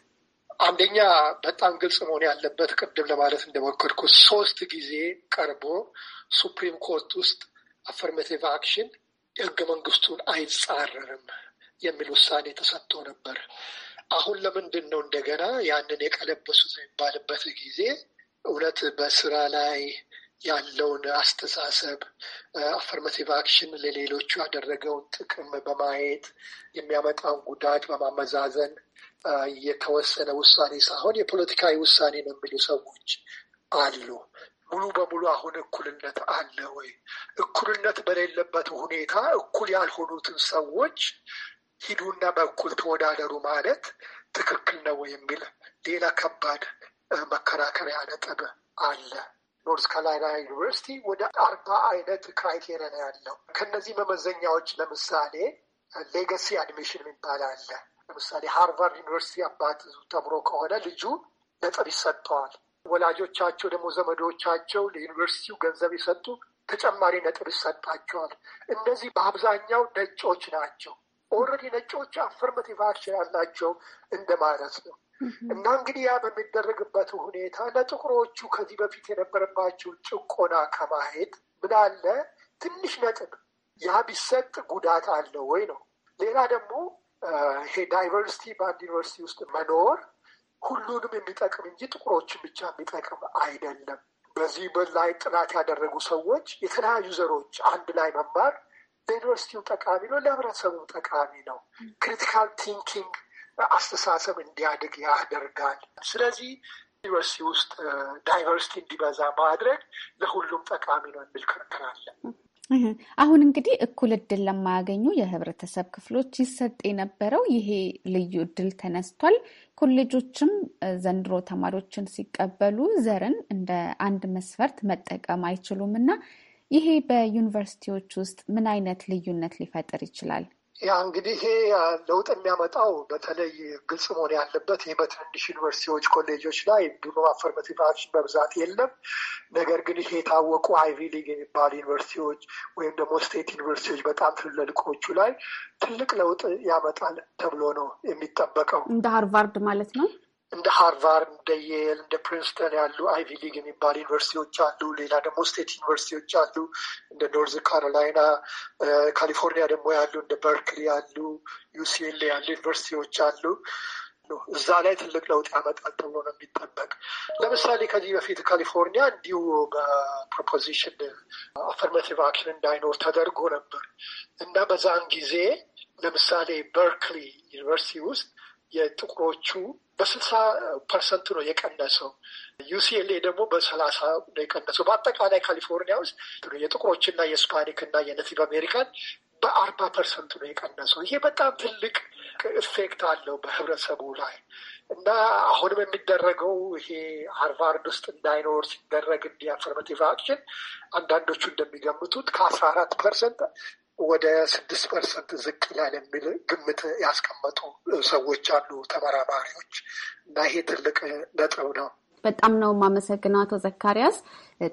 አንደኛ በጣም ግልጽ መሆን ያለበት ቅድም ለማለት እንደሞከርኩት ሶስት ጊዜ ቀርቦ ሱፕሪም ኮርት ውስጥ አፈርሜቲቭ አክሽን የህገ መንግስቱን አይጻረርም የሚል ውሳኔ ተሰጥቶ ነበር። አሁን ለምንድን ነው እንደገና ያንን የቀለበሱት የሚባልበት ጊዜ እውነት በስራ ላይ ያለውን አስተሳሰብ አፈርማቲቭ አክሽን ለሌሎቹ ያደረገውን ጥቅም በማየት የሚያመጣውን ጉዳት በማመዛዘን የተወሰነ ውሳኔ ሳይሆን የፖለቲካዊ ውሳኔ ነው የሚሉ ሰዎች አሉ። ሙሉ በሙሉ አሁን እኩልነት አለ ወይ? እኩልነት በሌለበት ሁኔታ እኩል ያልሆኑትን ሰዎች ሂዱና በእኩል ተወዳደሩ ማለት ትክክል ነው የሚል ሌላ ከባድ መከራከሪያ ነጥብ አለ። ኖርዝ ካሮላይና ዩኒቨርሲቲ ወደ አርባ አይነት ክራይቴሪያ ነው ያለው። ከነዚህ መመዘኛዎች ለምሳሌ ሌጋሲ አድሚሽን የሚባል አለ። ለምሳሌ ሃርቫርድ ዩኒቨርሲቲ አባት ተምሮ ከሆነ ልጁ ነጥብ ይሰጠዋል። ወላጆቻቸው ደግሞ ዘመዶቻቸው ለዩኒቨርሲቲው ገንዘብ የሰጡ ተጨማሪ ነጥብ ይሰጣቸዋል። እነዚህ በአብዛኛው ነጮች ናቸው። ኦልሬዲ ነጮች አፈርመቲቭ አክሽን ያላቸው እንደማለት ነው። እና እንግዲህ ያ በሚደረግበት ሁኔታ ለጥቁሮቹ ከዚህ በፊት የነበረባቸው ጭቆና ከማሄድ ምናለ ትንሽ ነጥብ ያ ቢሰጥ ጉዳት አለው ወይ ነው። ሌላ ደግሞ ይሄ ዳይቨርሲቲ በአንድ ዩኒቨርሲቲ ውስጥ መኖር ሁሉንም የሚጠቅም እንጂ ጥቁሮችን ብቻ የሚጠቅም አይደለም። በዚህ ላይ ጥናት ያደረጉ ሰዎች የተለያዩ ዘሮች አንድ ላይ መማር ለዩኒቨርሲቲው ጠቃሚ ነው፣ ለህብረተሰቡ ጠቃሚ ነው። ክሪቲካል ቲንኪንግ አስተሳሰብ እንዲያድግ ያደርጋል። ስለዚህ ዩኒቨርሲቲ ውስጥ ዳይቨርሲቲ እንዲበዛ ማድረግ ለሁሉም ጠቃሚ ነው የሚል ክርክር አለ። አሁን እንግዲህ እኩል እድል ለማያገኙ የህብረተሰብ ክፍሎች ይሰጥ የነበረው ይሄ ልዩ እድል ተነስቷል። ኮሌጆችም ዘንድሮ ተማሪዎችን ሲቀበሉ ዘርን እንደ አንድ መስፈርት መጠቀም አይችሉም እና ይሄ በዩኒቨርሲቲዎች ውስጥ ምን አይነት ልዩነት ሊፈጥር ይችላል? ያ እንግዲህ ለውጥ የሚያመጣው በተለይ ግልጽ መሆን ያለበት ይህ በትንንሽ ዩኒቨርሲቲዎች፣ ኮሌጆች ላይ ዲፕሎማ አፈርማቲቭ በብዛት የለም። ነገር ግን ይሄ የታወቁ አይቪ ሊግ የሚባሉ ዩኒቨርሲቲዎች ወይም ደግሞ ስቴት ዩኒቨርሲቲዎች በጣም ትልልቆቹ ላይ ትልቅ ለውጥ ያመጣል ተብሎ ነው የሚጠበቀው እንደ ሃርቫርድ ማለት ነው። እንደ ሃርቫርድ፣ እንደ የል፣ እንደ ፕሪንስተን ያሉ አይቪ ሊግ የሚባሉ ዩኒቨርሲቲዎች አሉ። ሌላ ደግሞ ስቴት ዩኒቨርሲቲዎች አሉ። እንደ ኖርዝ ካሮላይና፣ ካሊፎርኒያ ደግሞ ያሉ እንደ በርክሊ ያሉ፣ ዩሲኤል ያሉ ዩኒቨርሲቲዎች አሉ። እዛ ላይ ትልቅ ለውጥ ያመጣል ተብሎ ነው የሚጠበቅ። ለምሳሌ ከዚህ በፊት ካሊፎርኒያ እንዲሁ በፕሮፖዚሽን አፈርማቲቭ አክሽን እንዳይኖር ተደርጎ ነበር እና በዛን ጊዜ ለምሳሌ በርክሊ ዩኒቨርሲቲ ውስጥ የጥቁሮቹ በስልሳ ፐርሰንት ነው የቀነሰው። ዩሲኤልኤ ደግሞ በሰላሳ ነው የቀነሰው። በአጠቃላይ ካሊፎርኒያ ውስጥ የጥቁሮችና የስፓኒክና የነቲቭ አሜሪካን በአርባ ፐርሰንት ነው የቀነሰው። ይሄ በጣም ትልቅ ኢፌክት አለው በህብረተሰቡ ላይ እና አሁንም የሚደረገው ይሄ ሃርቫርድ ውስጥ እንዳይኖር ሲደረግ እንዲ አፈርማቲቭ አክሽን አንዳንዶቹ እንደሚገምቱት ከአስራ አራት ፐርሰንት ወደ ስድስት ፐርሰንት ዝቅ ይላል የሚል ግምት ያስቀመጡ ሰዎች አሉ፣ ተመራማሪዎች እና ይሄ ትልቅ ነጥብ ነው። በጣም ነው የማመሰግነው አቶ ዘካሪያስ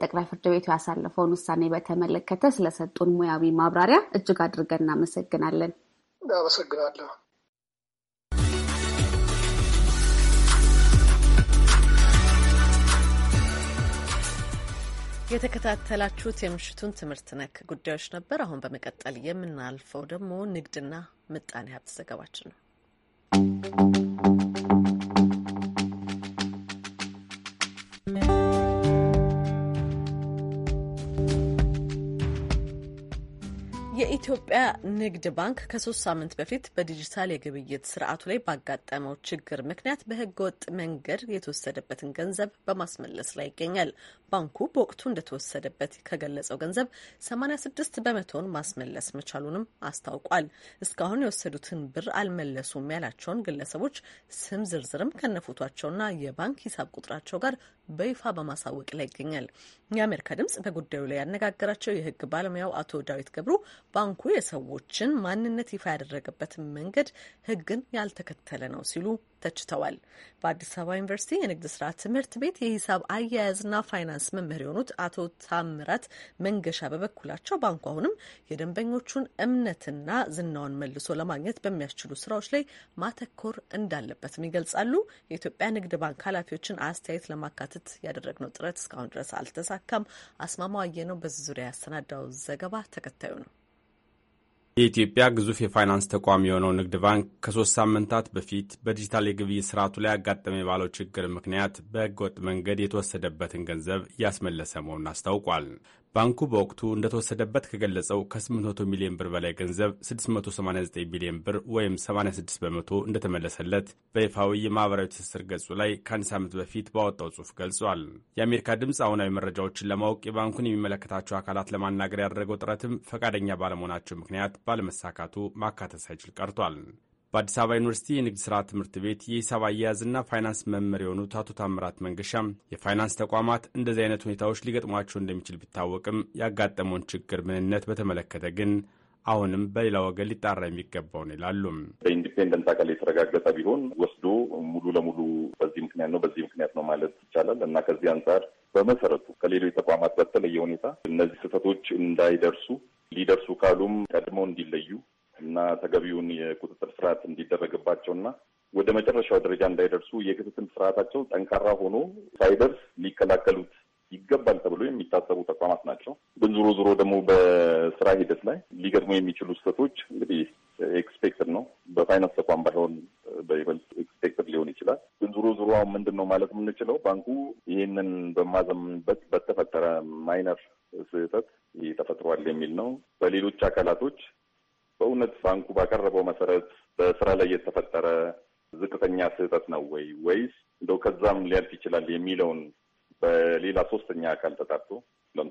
ጠቅላይ ፍርድ ቤቱ ያሳለፈውን ውሳኔ በተመለከተ ስለሰጡን ሙያዊ ማብራሪያ እጅግ አድርገን እናመሰግናለን። እናመሰግናለሁ። የተከታተላችሁት የምሽቱን ትምህርት ነክ ጉዳዮች ነበር። አሁን በመቀጠል የምናልፈው ደግሞ ንግድና ምጣኔ ሀብት ዘገባችን ነው። የኢትዮጵያ ንግድ ባንክ ከሶስት ሳምንት በፊት በዲጂታል የግብይት ስርዓቱ ላይ ባጋጠመው ችግር ምክንያት በህገወጥ መንገድ የተወሰደበትን ገንዘብ በማስመለስ ላይ ይገኛል። ባንኩ በወቅቱ እንደተወሰደበት ከገለጸው ገንዘብ 86 በመቶውን ማስመለስ መቻሉንም አስታውቋል። እስካሁን የወሰዱትን ብር አልመለሱም ያላቸውን ግለሰቦች ስም ዝርዝርም ከነፎቷቸውና የባንክ ሂሳብ ቁጥራቸው ጋር በይፋ በማሳወቅ ላይ ይገኛል። የአሜሪካ ድምጽ በጉዳዩ ላይ ያነጋገራቸው የህግ ባለሙያው አቶ ዳዊት ገብሩ ባንኩ የሰዎችን ማንነት ይፋ ያደረገበትን መንገድ ህግን ያልተከተለ ነው ሲሉ ተችተዋል። በአዲስ አበባ ዩኒቨርሲቲ የንግድ ስራ ትምህርት ቤት የሂሳብ አያያዝና ፋይናንስ መምህር የሆኑት አቶ ታምራት መንገሻ በበኩላቸው ባንኩ አሁንም የደንበኞቹን እምነትና ዝናውን መልሶ ለማግኘት በሚያስችሉ ስራዎች ላይ ማተኮር እንዳለበትም ይገልጻሉ። የኢትዮጵያ ንግድ ባንክ ኃላፊዎችን አስተያየት ለማካተት ለማካተት ያደረግነው ጥረት እስካሁን ድረስ አልተሳካም። አስማማው አየነው በዚህ ዙሪያ ያሰናዳው ዘገባ ተከታዩ ነው። የኢትዮጵያ ግዙፍ የፋይናንስ ተቋም የሆነው ንግድ ባንክ ከሶስት ሳምንታት በፊት በዲጂታል የግብይት ስርዓቱ ላይ አጋጠመ ባለው ችግር ምክንያት በህገወጥ መንገድ የተወሰደበትን ገንዘብ እያስመለሰ መሆኑን አስታውቋል። ባንኩ በወቅቱ እንደተወሰደበት ከገለጸው ከ800 ሚሊዮን ብር በላይ ገንዘብ 689 ሚሊዮን ብር ወይም 86 በመቶ እንደተመለሰለት በይፋዊ የማኅበራዊ ትስስር ገጹ ላይ ከአንድ ሳምንት በፊት ባወጣው ጽሑፍ ገልጿል። የአሜሪካ ድምፅ አሁናዊ መረጃዎችን ለማወቅ የባንኩን የሚመለከታቸው አካላት ለማናገር ያደረገው ጥረትም ፈቃደኛ ባለመሆናቸው ምክንያት ባለመሳካቱ ማካተት ሳይችል ቀርቷል። በአዲስ አበባ ዩኒቨርሲቲ የንግድ ሥራ ትምህርት ቤት የሂሳብ አያያዝና ፋይናንስ መምህር የሆኑት አቶ ታምራት መንገሻም የፋይናንስ ተቋማት እንደዚህ አይነት ሁኔታዎች ሊገጥሟቸው እንደሚችል ቢታወቅም ያጋጠመውን ችግር ምንነት በተመለከተ ግን አሁንም በሌላ ወገን ሊጣራ የሚገባው ነው ይላሉ። በኢንዲፔንደንት አካል የተረጋገጠ ቢሆን ወስዶ ሙሉ ለሙሉ በዚህ ምክንያት ነው በዚህ ምክንያት ነው ማለት ይቻላል እና ከዚህ አንጻር በመሰረቱ ከሌሎች ተቋማት በተለየ ሁኔታ እነዚህ ስህተቶች እንዳይደርሱ ሊደርሱ ካሉም ቀድመው እንዲለዩ እና ተገቢውን የቁጥጥር ስርዓት እንዲደረግባቸውና ወደ መጨረሻው ደረጃ እንዳይደርሱ የክትትል ስርዓታቸው ጠንካራ ሆኖ ሳይደርስ ሊከላከሉት ይገባል ተብሎ የሚታሰቡ ተቋማት ናቸው። ግን ዞሮ ዞሮ ደግሞ በስራ ሂደት ላይ ሊገጥሙ የሚችሉ ስህተቶች እንግዲህ ኤክስፔክትድ ነው። በፋይናንስ ተቋም ባይሆን በይበልጥ ኤክስፔክትድ ሊሆን ይችላል። ግን ዞሮ ዞሮ አሁን ምንድን ነው ማለት የምንችለው ባንኩ ይህንን በማዘምንበት በተፈጠረ ማይነር ስህተት ተፈጥሯል የሚል ነው። በሌሎች አካላቶች በእውነት ባንኩ ባቀረበው መሰረት በስራ ላይ የተፈጠረ ዝቅተኛ ስህተት ነው ወይ ወይስ እንደው ከዛም ሊያልፍ ይችላል የሚለውን በሌላ ሶስተኛ አካል ተጣርቶ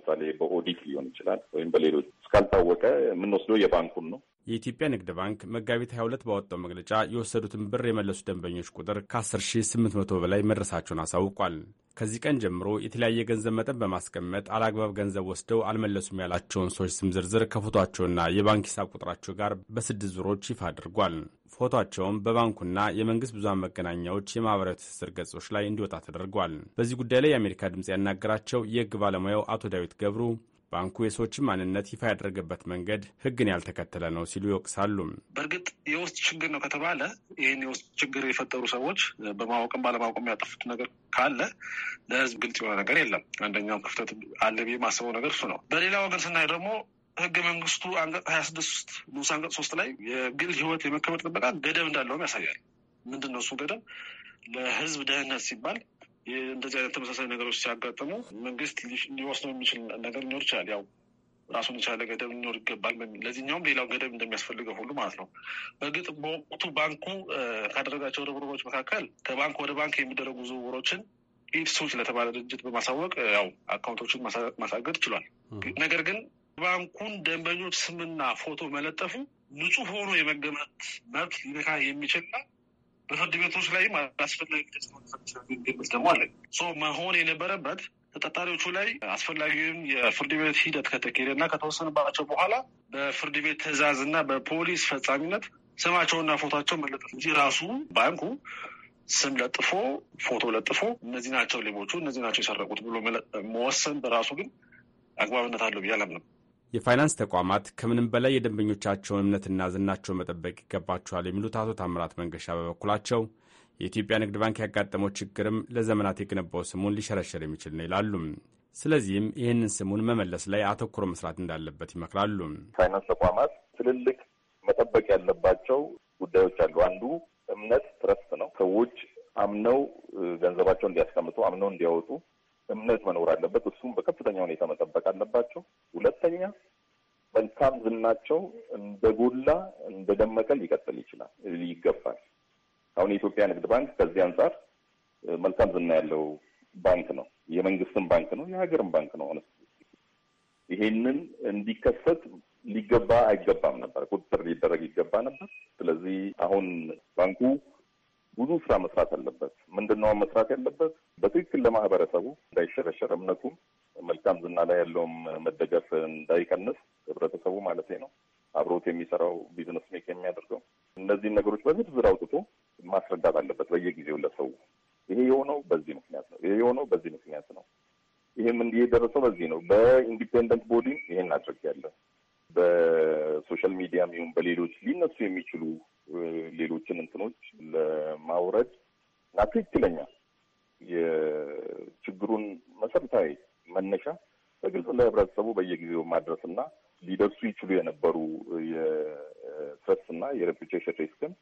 ለምሳሌ በኦዲት ሊሆን ይችላል ወይም በሌሎች እስካልታወቀ የምንወስደው የባንኩን ነው። የኢትዮጵያ ንግድ ባንክ መጋቢት 22 ባወጣው መግለጫ የወሰዱትን ብር የመለሱ ደንበኞች ቁጥር ከ10800 በላይ መድረሳቸውን አሳውቋል። ከዚህ ቀን ጀምሮ የተለያየ ገንዘብ መጠን በማስቀመጥ አላግባብ ገንዘብ ወስደው አልመለሱም ያላቸውን ሰዎች ስም ዝርዝር ከፎቷቸውና የባንክ ሂሳብ ቁጥራቸው ጋር በስድስት ዙሮች ይፋ አድርጓል። ፎቶቸውም በባንኩና የመንግስት ብዙሃን መገናኛዎች የማህበራዊ ትስስር ገጾች ላይ እንዲወጣ ተደርጓል። በዚህ ጉዳይ ላይ የአሜሪካ ድምፅ ያናገራቸው የህግ ባለሙያው አቶ ዳዊት ገብሩ ባንኩ የሰዎችን ማንነት ይፋ ያደረገበት መንገድ ህግን ያልተከተለ ነው ሲሉ ይወቅሳሉ። በእርግጥ የውስጥ ችግር ነው ከተባለ ይህን የውስጥ ችግር የፈጠሩ ሰዎች በማወቅም ባለማወቅም ያጠፉት ነገር ካለ ለህዝብ ግልጽ የሆነ ነገር የለም። አንደኛው ክፍተት አለ ብዬ ማስበው ነገር እሱ ነው። በሌላ ወገን ስናይ ደግሞ ህገ መንግስቱ አንቀጽ ሀያ ስድስት ንዑስ አንቀጽ ሶስት ላይ የግል ህይወት የመከበር ጥበቃ ገደብ እንዳለውም ያሳያል። ምንድን ነው እሱ ገደብ? ለህዝብ ደህንነት ሲባል እንደዚህ አይነት ተመሳሳይ ነገሮች ሲያጋጥሙ መንግስት ሊወስነው የሚችል ነገር ሊኖር ይችላል። ያው ራሱን የቻለ ገደብ ሊኖር ይገባል። ለዚህኛውም ሌላው ገደብ እንደሚያስፈልገው ሁሉ ማለት ነው። በእርግጥ በወቅቱ ባንኩ ካደረጋቸው ርብርቦች መካከል ከባንክ ወደ ባንክ የሚደረጉ ዝውውሮችን ኢድሶች ለተባለ ድርጅት በማሳወቅ ያው አካውንቶችን ማሳገድ ችሏል። ነገር ግን ባንኩን ደንበኞች ስምና ፎቶ መለጠፉ ንጹህ ሆኖ የመገመት መብት ሊነካ የሚችልና በፍርድ ቤቶች ላይም አስፈላጊ ግምት ደግሞ አለ መሆን የነበረበት ተጠርጣሪዎቹ ላይ አስፈላጊውን የፍርድ ቤት ሂደት ከተካሄደ ከተካሄደና ከተወሰነባቸው በኋላ በፍርድ ቤት ትዕዛዝና በፖሊስ ፈጻሚነት ስማቸውና ፎታቸው መለጠፍ እንጂ ራሱ ባንኩ ስም ለጥፎ ፎቶ ለጥፎ እነዚህ ናቸው ሌቦቹ፣ እነዚህ ናቸው የሰረቁት ብሎ መወሰን በራሱ ግን አግባብነት አለው ብዬ አላምንም። የፋይናንስ ተቋማት ከምንም በላይ የደንበኞቻቸውን እምነትና ዝናቸውን መጠበቅ ይገባቸዋል የሚሉት አቶ ታምራት መንገሻ በበኩላቸው የኢትዮጵያ ንግድ ባንክ ያጋጠመው ችግርም ለዘመናት የገነባው ስሙን ሊሸረሸር የሚችል ነው ይላሉ። ስለዚህም ይህንን ስሙን መመለስ ላይ አተኩሮ መስራት እንዳለበት ይመክራሉ። ፋይናንስ ተቋማት ትልልቅ መጠበቅ ያለባቸው ጉዳዮች አሉ። አንዱ እምነት ትረስት ነው። ሰዎች አምነው ገንዘባቸው እንዲያስቀምጡ አምነው እንዲያወጡ እምነት መኖር አለበት። እሱም በከፍተኛ ሁኔታ መጠበቅ አለባቸው። ሁለተኛ መልካም ዝናቸው እንደጎላ እንደደመቀ ሊቀጥል ይችላል ይገባል። አሁን የኢትዮጵያ ንግድ ባንክ ከዚህ አንጻር መልካም ዝና ያለው ባንክ ነው። የመንግስትም ባንክ ነው፣ የሀገርም ባንክ ነው። ይሄንን እንዲከሰት ሊገባ አይገባም ነበር፣ ቁጥጥር ሊደረግ ይገባ ነበር። ስለዚህ አሁን ባንኩ ብዙ ስራ መስራት አለበት። ምንድነው መስራት ያለበት? በትክክል ለማህበረሰቡ እንዳይሸረሸር እምነቱም መልካም ዝና ላይ ያለውም መደገፍ እንዳይቀንስ ህብረተሰቡ ማለት ነው አብሮት የሚሰራው ቢዝነስ ሜክ የሚያደርገው እነዚህን ነገሮች በዝርዝር አውጥቶ ማስረዳት አለበት በየጊዜው ለሰው ይሄ የሆነው በዚህ ምክንያት ነው፣ ይሄ የሆነው በዚህ ምክንያት ነው፣ ይህም እንዲህ የደረሰው በዚህ ነው። በኢንዲፔንደንት ቦዲ ይሄን አድርግ ያለ በሶሻል ሚዲያም ይሁን በሌሎች ሊነሱ የሚችሉ ሌሎችን እንትኖች ለማውረድ እና ትክክለኛ የችግሩን መሰረታዊ መነሻ በግልጽ ለህብረተሰቡ በየጊዜው ማድረስና ሊደርሱ ይችሉ የነበሩ የትረስ እና የሬፑቴሽን ሪስክን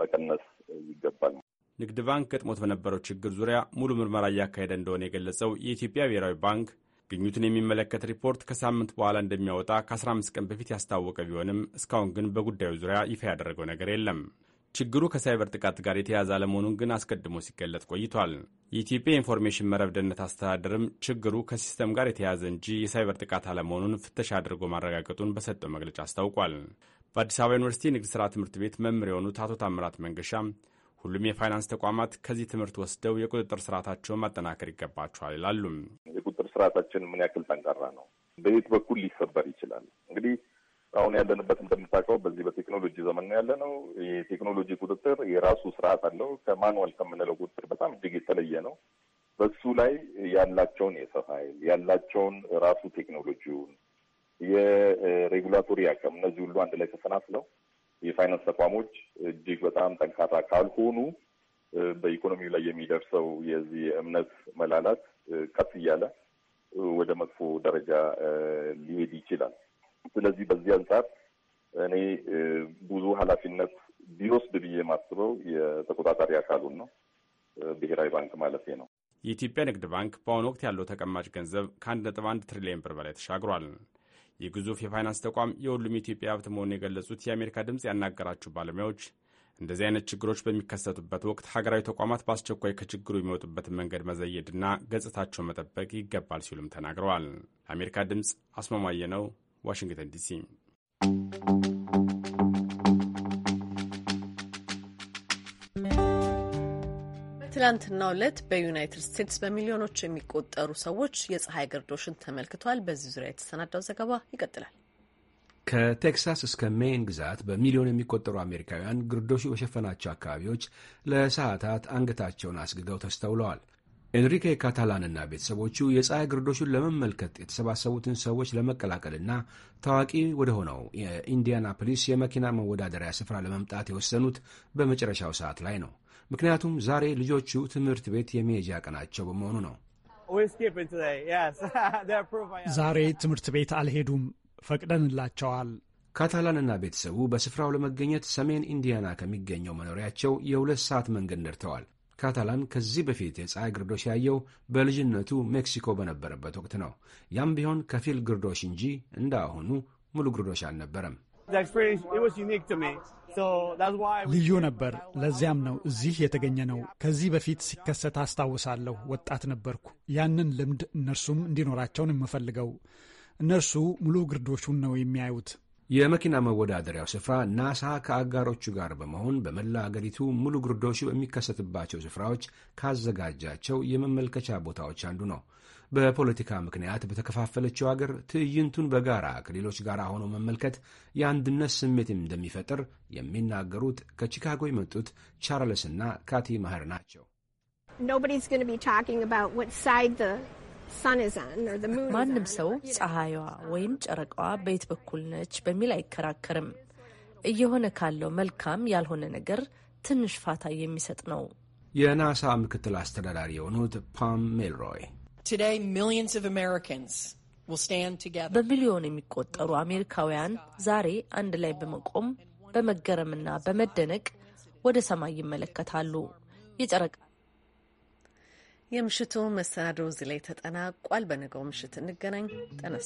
መቀነስ ይገባል። ንግድ ባንክ ገጥሞት በነበረው ችግር ዙሪያ ሙሉ ምርመራ እያካሄደ እንደሆነ የገለጸው የኢትዮጵያ ብሔራዊ ባንክ ግኙትን የሚመለከት ሪፖርት ከሳምንት በኋላ እንደሚያወጣ ከ15 ቀን በፊት ያስታወቀ ቢሆንም እስካሁን ግን በጉዳዩ ዙሪያ ይፋ ያደረገው ነገር የለም። ችግሩ ከሳይበር ጥቃት ጋር የተያያዘ አለመሆኑን ግን አስቀድሞ ሲገለጽ ቆይቷል። የኢትዮጵያ ኢንፎርሜሽን መረብ ደህንነት አስተዳደርም ችግሩ ከሲስተም ጋር የተያያዘ እንጂ የሳይበር ጥቃት አለመሆኑን ፍተሻ አድርጎ ማረጋገጡን በሰጠው መግለጫ አስታውቋል። በአዲስ አበባ ዩኒቨርሲቲ ንግድ ሥራ ትምህርት ቤት መምህር የሆኑት አቶ ታምራት መንገሻ ሁሉም የፋይናንስ ተቋማት ከዚህ ትምህርት ወስደው የቁጥጥር ስርዓታቸውን ማጠናከር ይገባቸዋል ይላሉም። የቁጥጥር ስርዓታችን ምን ያክል ጠንካራ ነው? በየት በኩል ሊሰበር ይችላል? እንግዲህ አሁን ያለንበት እንደምታውቀው በዚህ በቴክኖሎጂ ዘመን ነው ያለ ነው። የቴክኖሎጂ ቁጥጥር የራሱ ስርዓት አለው። ከማንዋል ከምንለው ቁጥጥር በጣም እጅግ የተለየ ነው። በሱ ላይ ያላቸውን የሰው ኃይል ያላቸውን ራሱ ቴክኖሎጂውን የሬጉላቶሪ አቅም እነዚህ ሁሉ አንድ ላይ ተሰናስለው የፋይናንስ ተቋሞች እጅግ በጣም ጠንካራ ካልሆኑ በኢኮኖሚው ላይ የሚደርሰው የዚህ እምነት መላላት ቀስ እያለ ወደ መጥፎ ደረጃ ሊሄድ ይችላል። ስለዚህ በዚህ አንጻር እኔ ብዙ ኃላፊነት ቢወስድ ብዬ የማስበው የተቆጣጣሪ አካሉን ነው፣ ብሔራዊ ባንክ ማለት ነው። የኢትዮጵያ ንግድ ባንክ በአሁኑ ወቅት ያለው ተቀማጭ ገንዘብ ከአንድ ነጥብ አንድ ትሪሊየን ብር በላይ ተሻግሯል። የግዙፍ የፋይናንስ ተቋም የሁሉም የኢትዮጵያ ሀብት መሆኑን የገለጹት የአሜሪካ ድምፅ ያናገራችሁ ባለሙያዎች እንደዚህ አይነት ችግሮች በሚከሰቱበት ወቅት ሀገራዊ ተቋማት በአስቸኳይ ከችግሩ የሚወጡበትን መንገድ መዘየድና ገጽታቸውን መጠበቅ ይገባል ሲሉም ተናግረዋል። ለአሜሪካ ድምፅ አስማማየ ነው፣ ዋሽንግተን ዲሲ። በትላንትናው ዕለት በዩናይትድ ስቴትስ በሚሊዮኖች የሚቆጠሩ ሰዎች የፀሐይ ግርዶሽን ተመልክተዋል። በዚህ ዙሪያ የተሰናዳው ዘገባ ይቀጥላል። ከቴክሳስ እስከ ሜይን ግዛት በሚሊዮን የሚቆጠሩ አሜሪካውያን ግርዶሹ በሸፈናቸው አካባቢዎች ለሰዓታት አንገታቸውን አስግገው ተስተውለዋል። ኤንሪኬ ካታላንና ቤተሰቦቹ የፀሐይ ግርዶሹን ለመመልከት የተሰባሰቡትን ሰዎች ለመቀላቀልና ታዋቂ ወደ ሆነው የኢንዲያናፖሊስ የመኪና መወዳደሪያ ስፍራ ለመምጣት የወሰኑት በመጨረሻው ሰዓት ላይ ነው። ምክንያቱም ዛሬ ልጆቹ ትምህርት ቤት የመሄጃ ቀናቸው በመሆኑ ነው። ዛሬ ትምህርት ቤት አልሄዱም፣ ፈቅደንላቸዋል። ካታላንና ቤተሰቡ በስፍራው ለመገኘት ሰሜን ኢንዲያና ከሚገኘው መኖሪያቸው የሁለት ሰዓት መንገድ ነድተዋል። ካታላን ከዚህ በፊት የፀሐይ ግርዶሽ ያየው በልጅነቱ ሜክሲኮ በነበረበት ወቅት ነው። ያም ቢሆን ከፊል ግርዶሽ እንጂ እንደ አሁኑ ሙሉ ግርዶሽ አልነበረም። ልዩ ነበር። ለዚያም ነው እዚህ የተገኘ ነው። ከዚህ በፊት ሲከሰት አስታውሳለሁ። ወጣት ነበርኩ። ያንን ልምድ እነርሱም እንዲኖራቸውን የምፈልገው። እነርሱ ሙሉ ግርዶሹን ነው የሚያዩት። የመኪና መወዳደሪያው ስፍራ ናሳ ከአጋሮቹ ጋር በመሆን በመላ አገሪቱ ሙሉ ግርዶሹ የሚከሰትባቸው ስፍራዎች ካዘጋጃቸው የመመልከቻ ቦታዎች አንዱ ነው። በፖለቲካ ምክንያት በተከፋፈለችው አገር ትዕይንቱን በጋራ ከሌሎች ጋር ሆኖ መመልከት የአንድነት ስሜት እንደሚፈጥር የሚናገሩት ከቺካጎ የመጡት ቻርልስና ካቲ ማህር ናቸው። ማንም ሰው ፀሐይዋ ወይም ጨረቃዋ በየት በኩል ነች በሚል አይከራከርም። እየሆነ ካለው መልካም ያልሆነ ነገር ትንሽ ፋታ የሚሰጥ ነው። የናሳ ምክትል አስተዳዳሪ የሆኑት ፓም ሜልሮይ በሚሊዮን የሚቆጠሩ አሜሪካውያን ዛሬ አንድ ላይ በመቆም በመገረምና በመደነቅ ወደ ሰማይ ይመለከታሉ። የጨረቃ የምሽቱ መሰናዶ እዚህ ላይ ተጠናቋል። በነገው ምሽት እንገናኝ። ጤና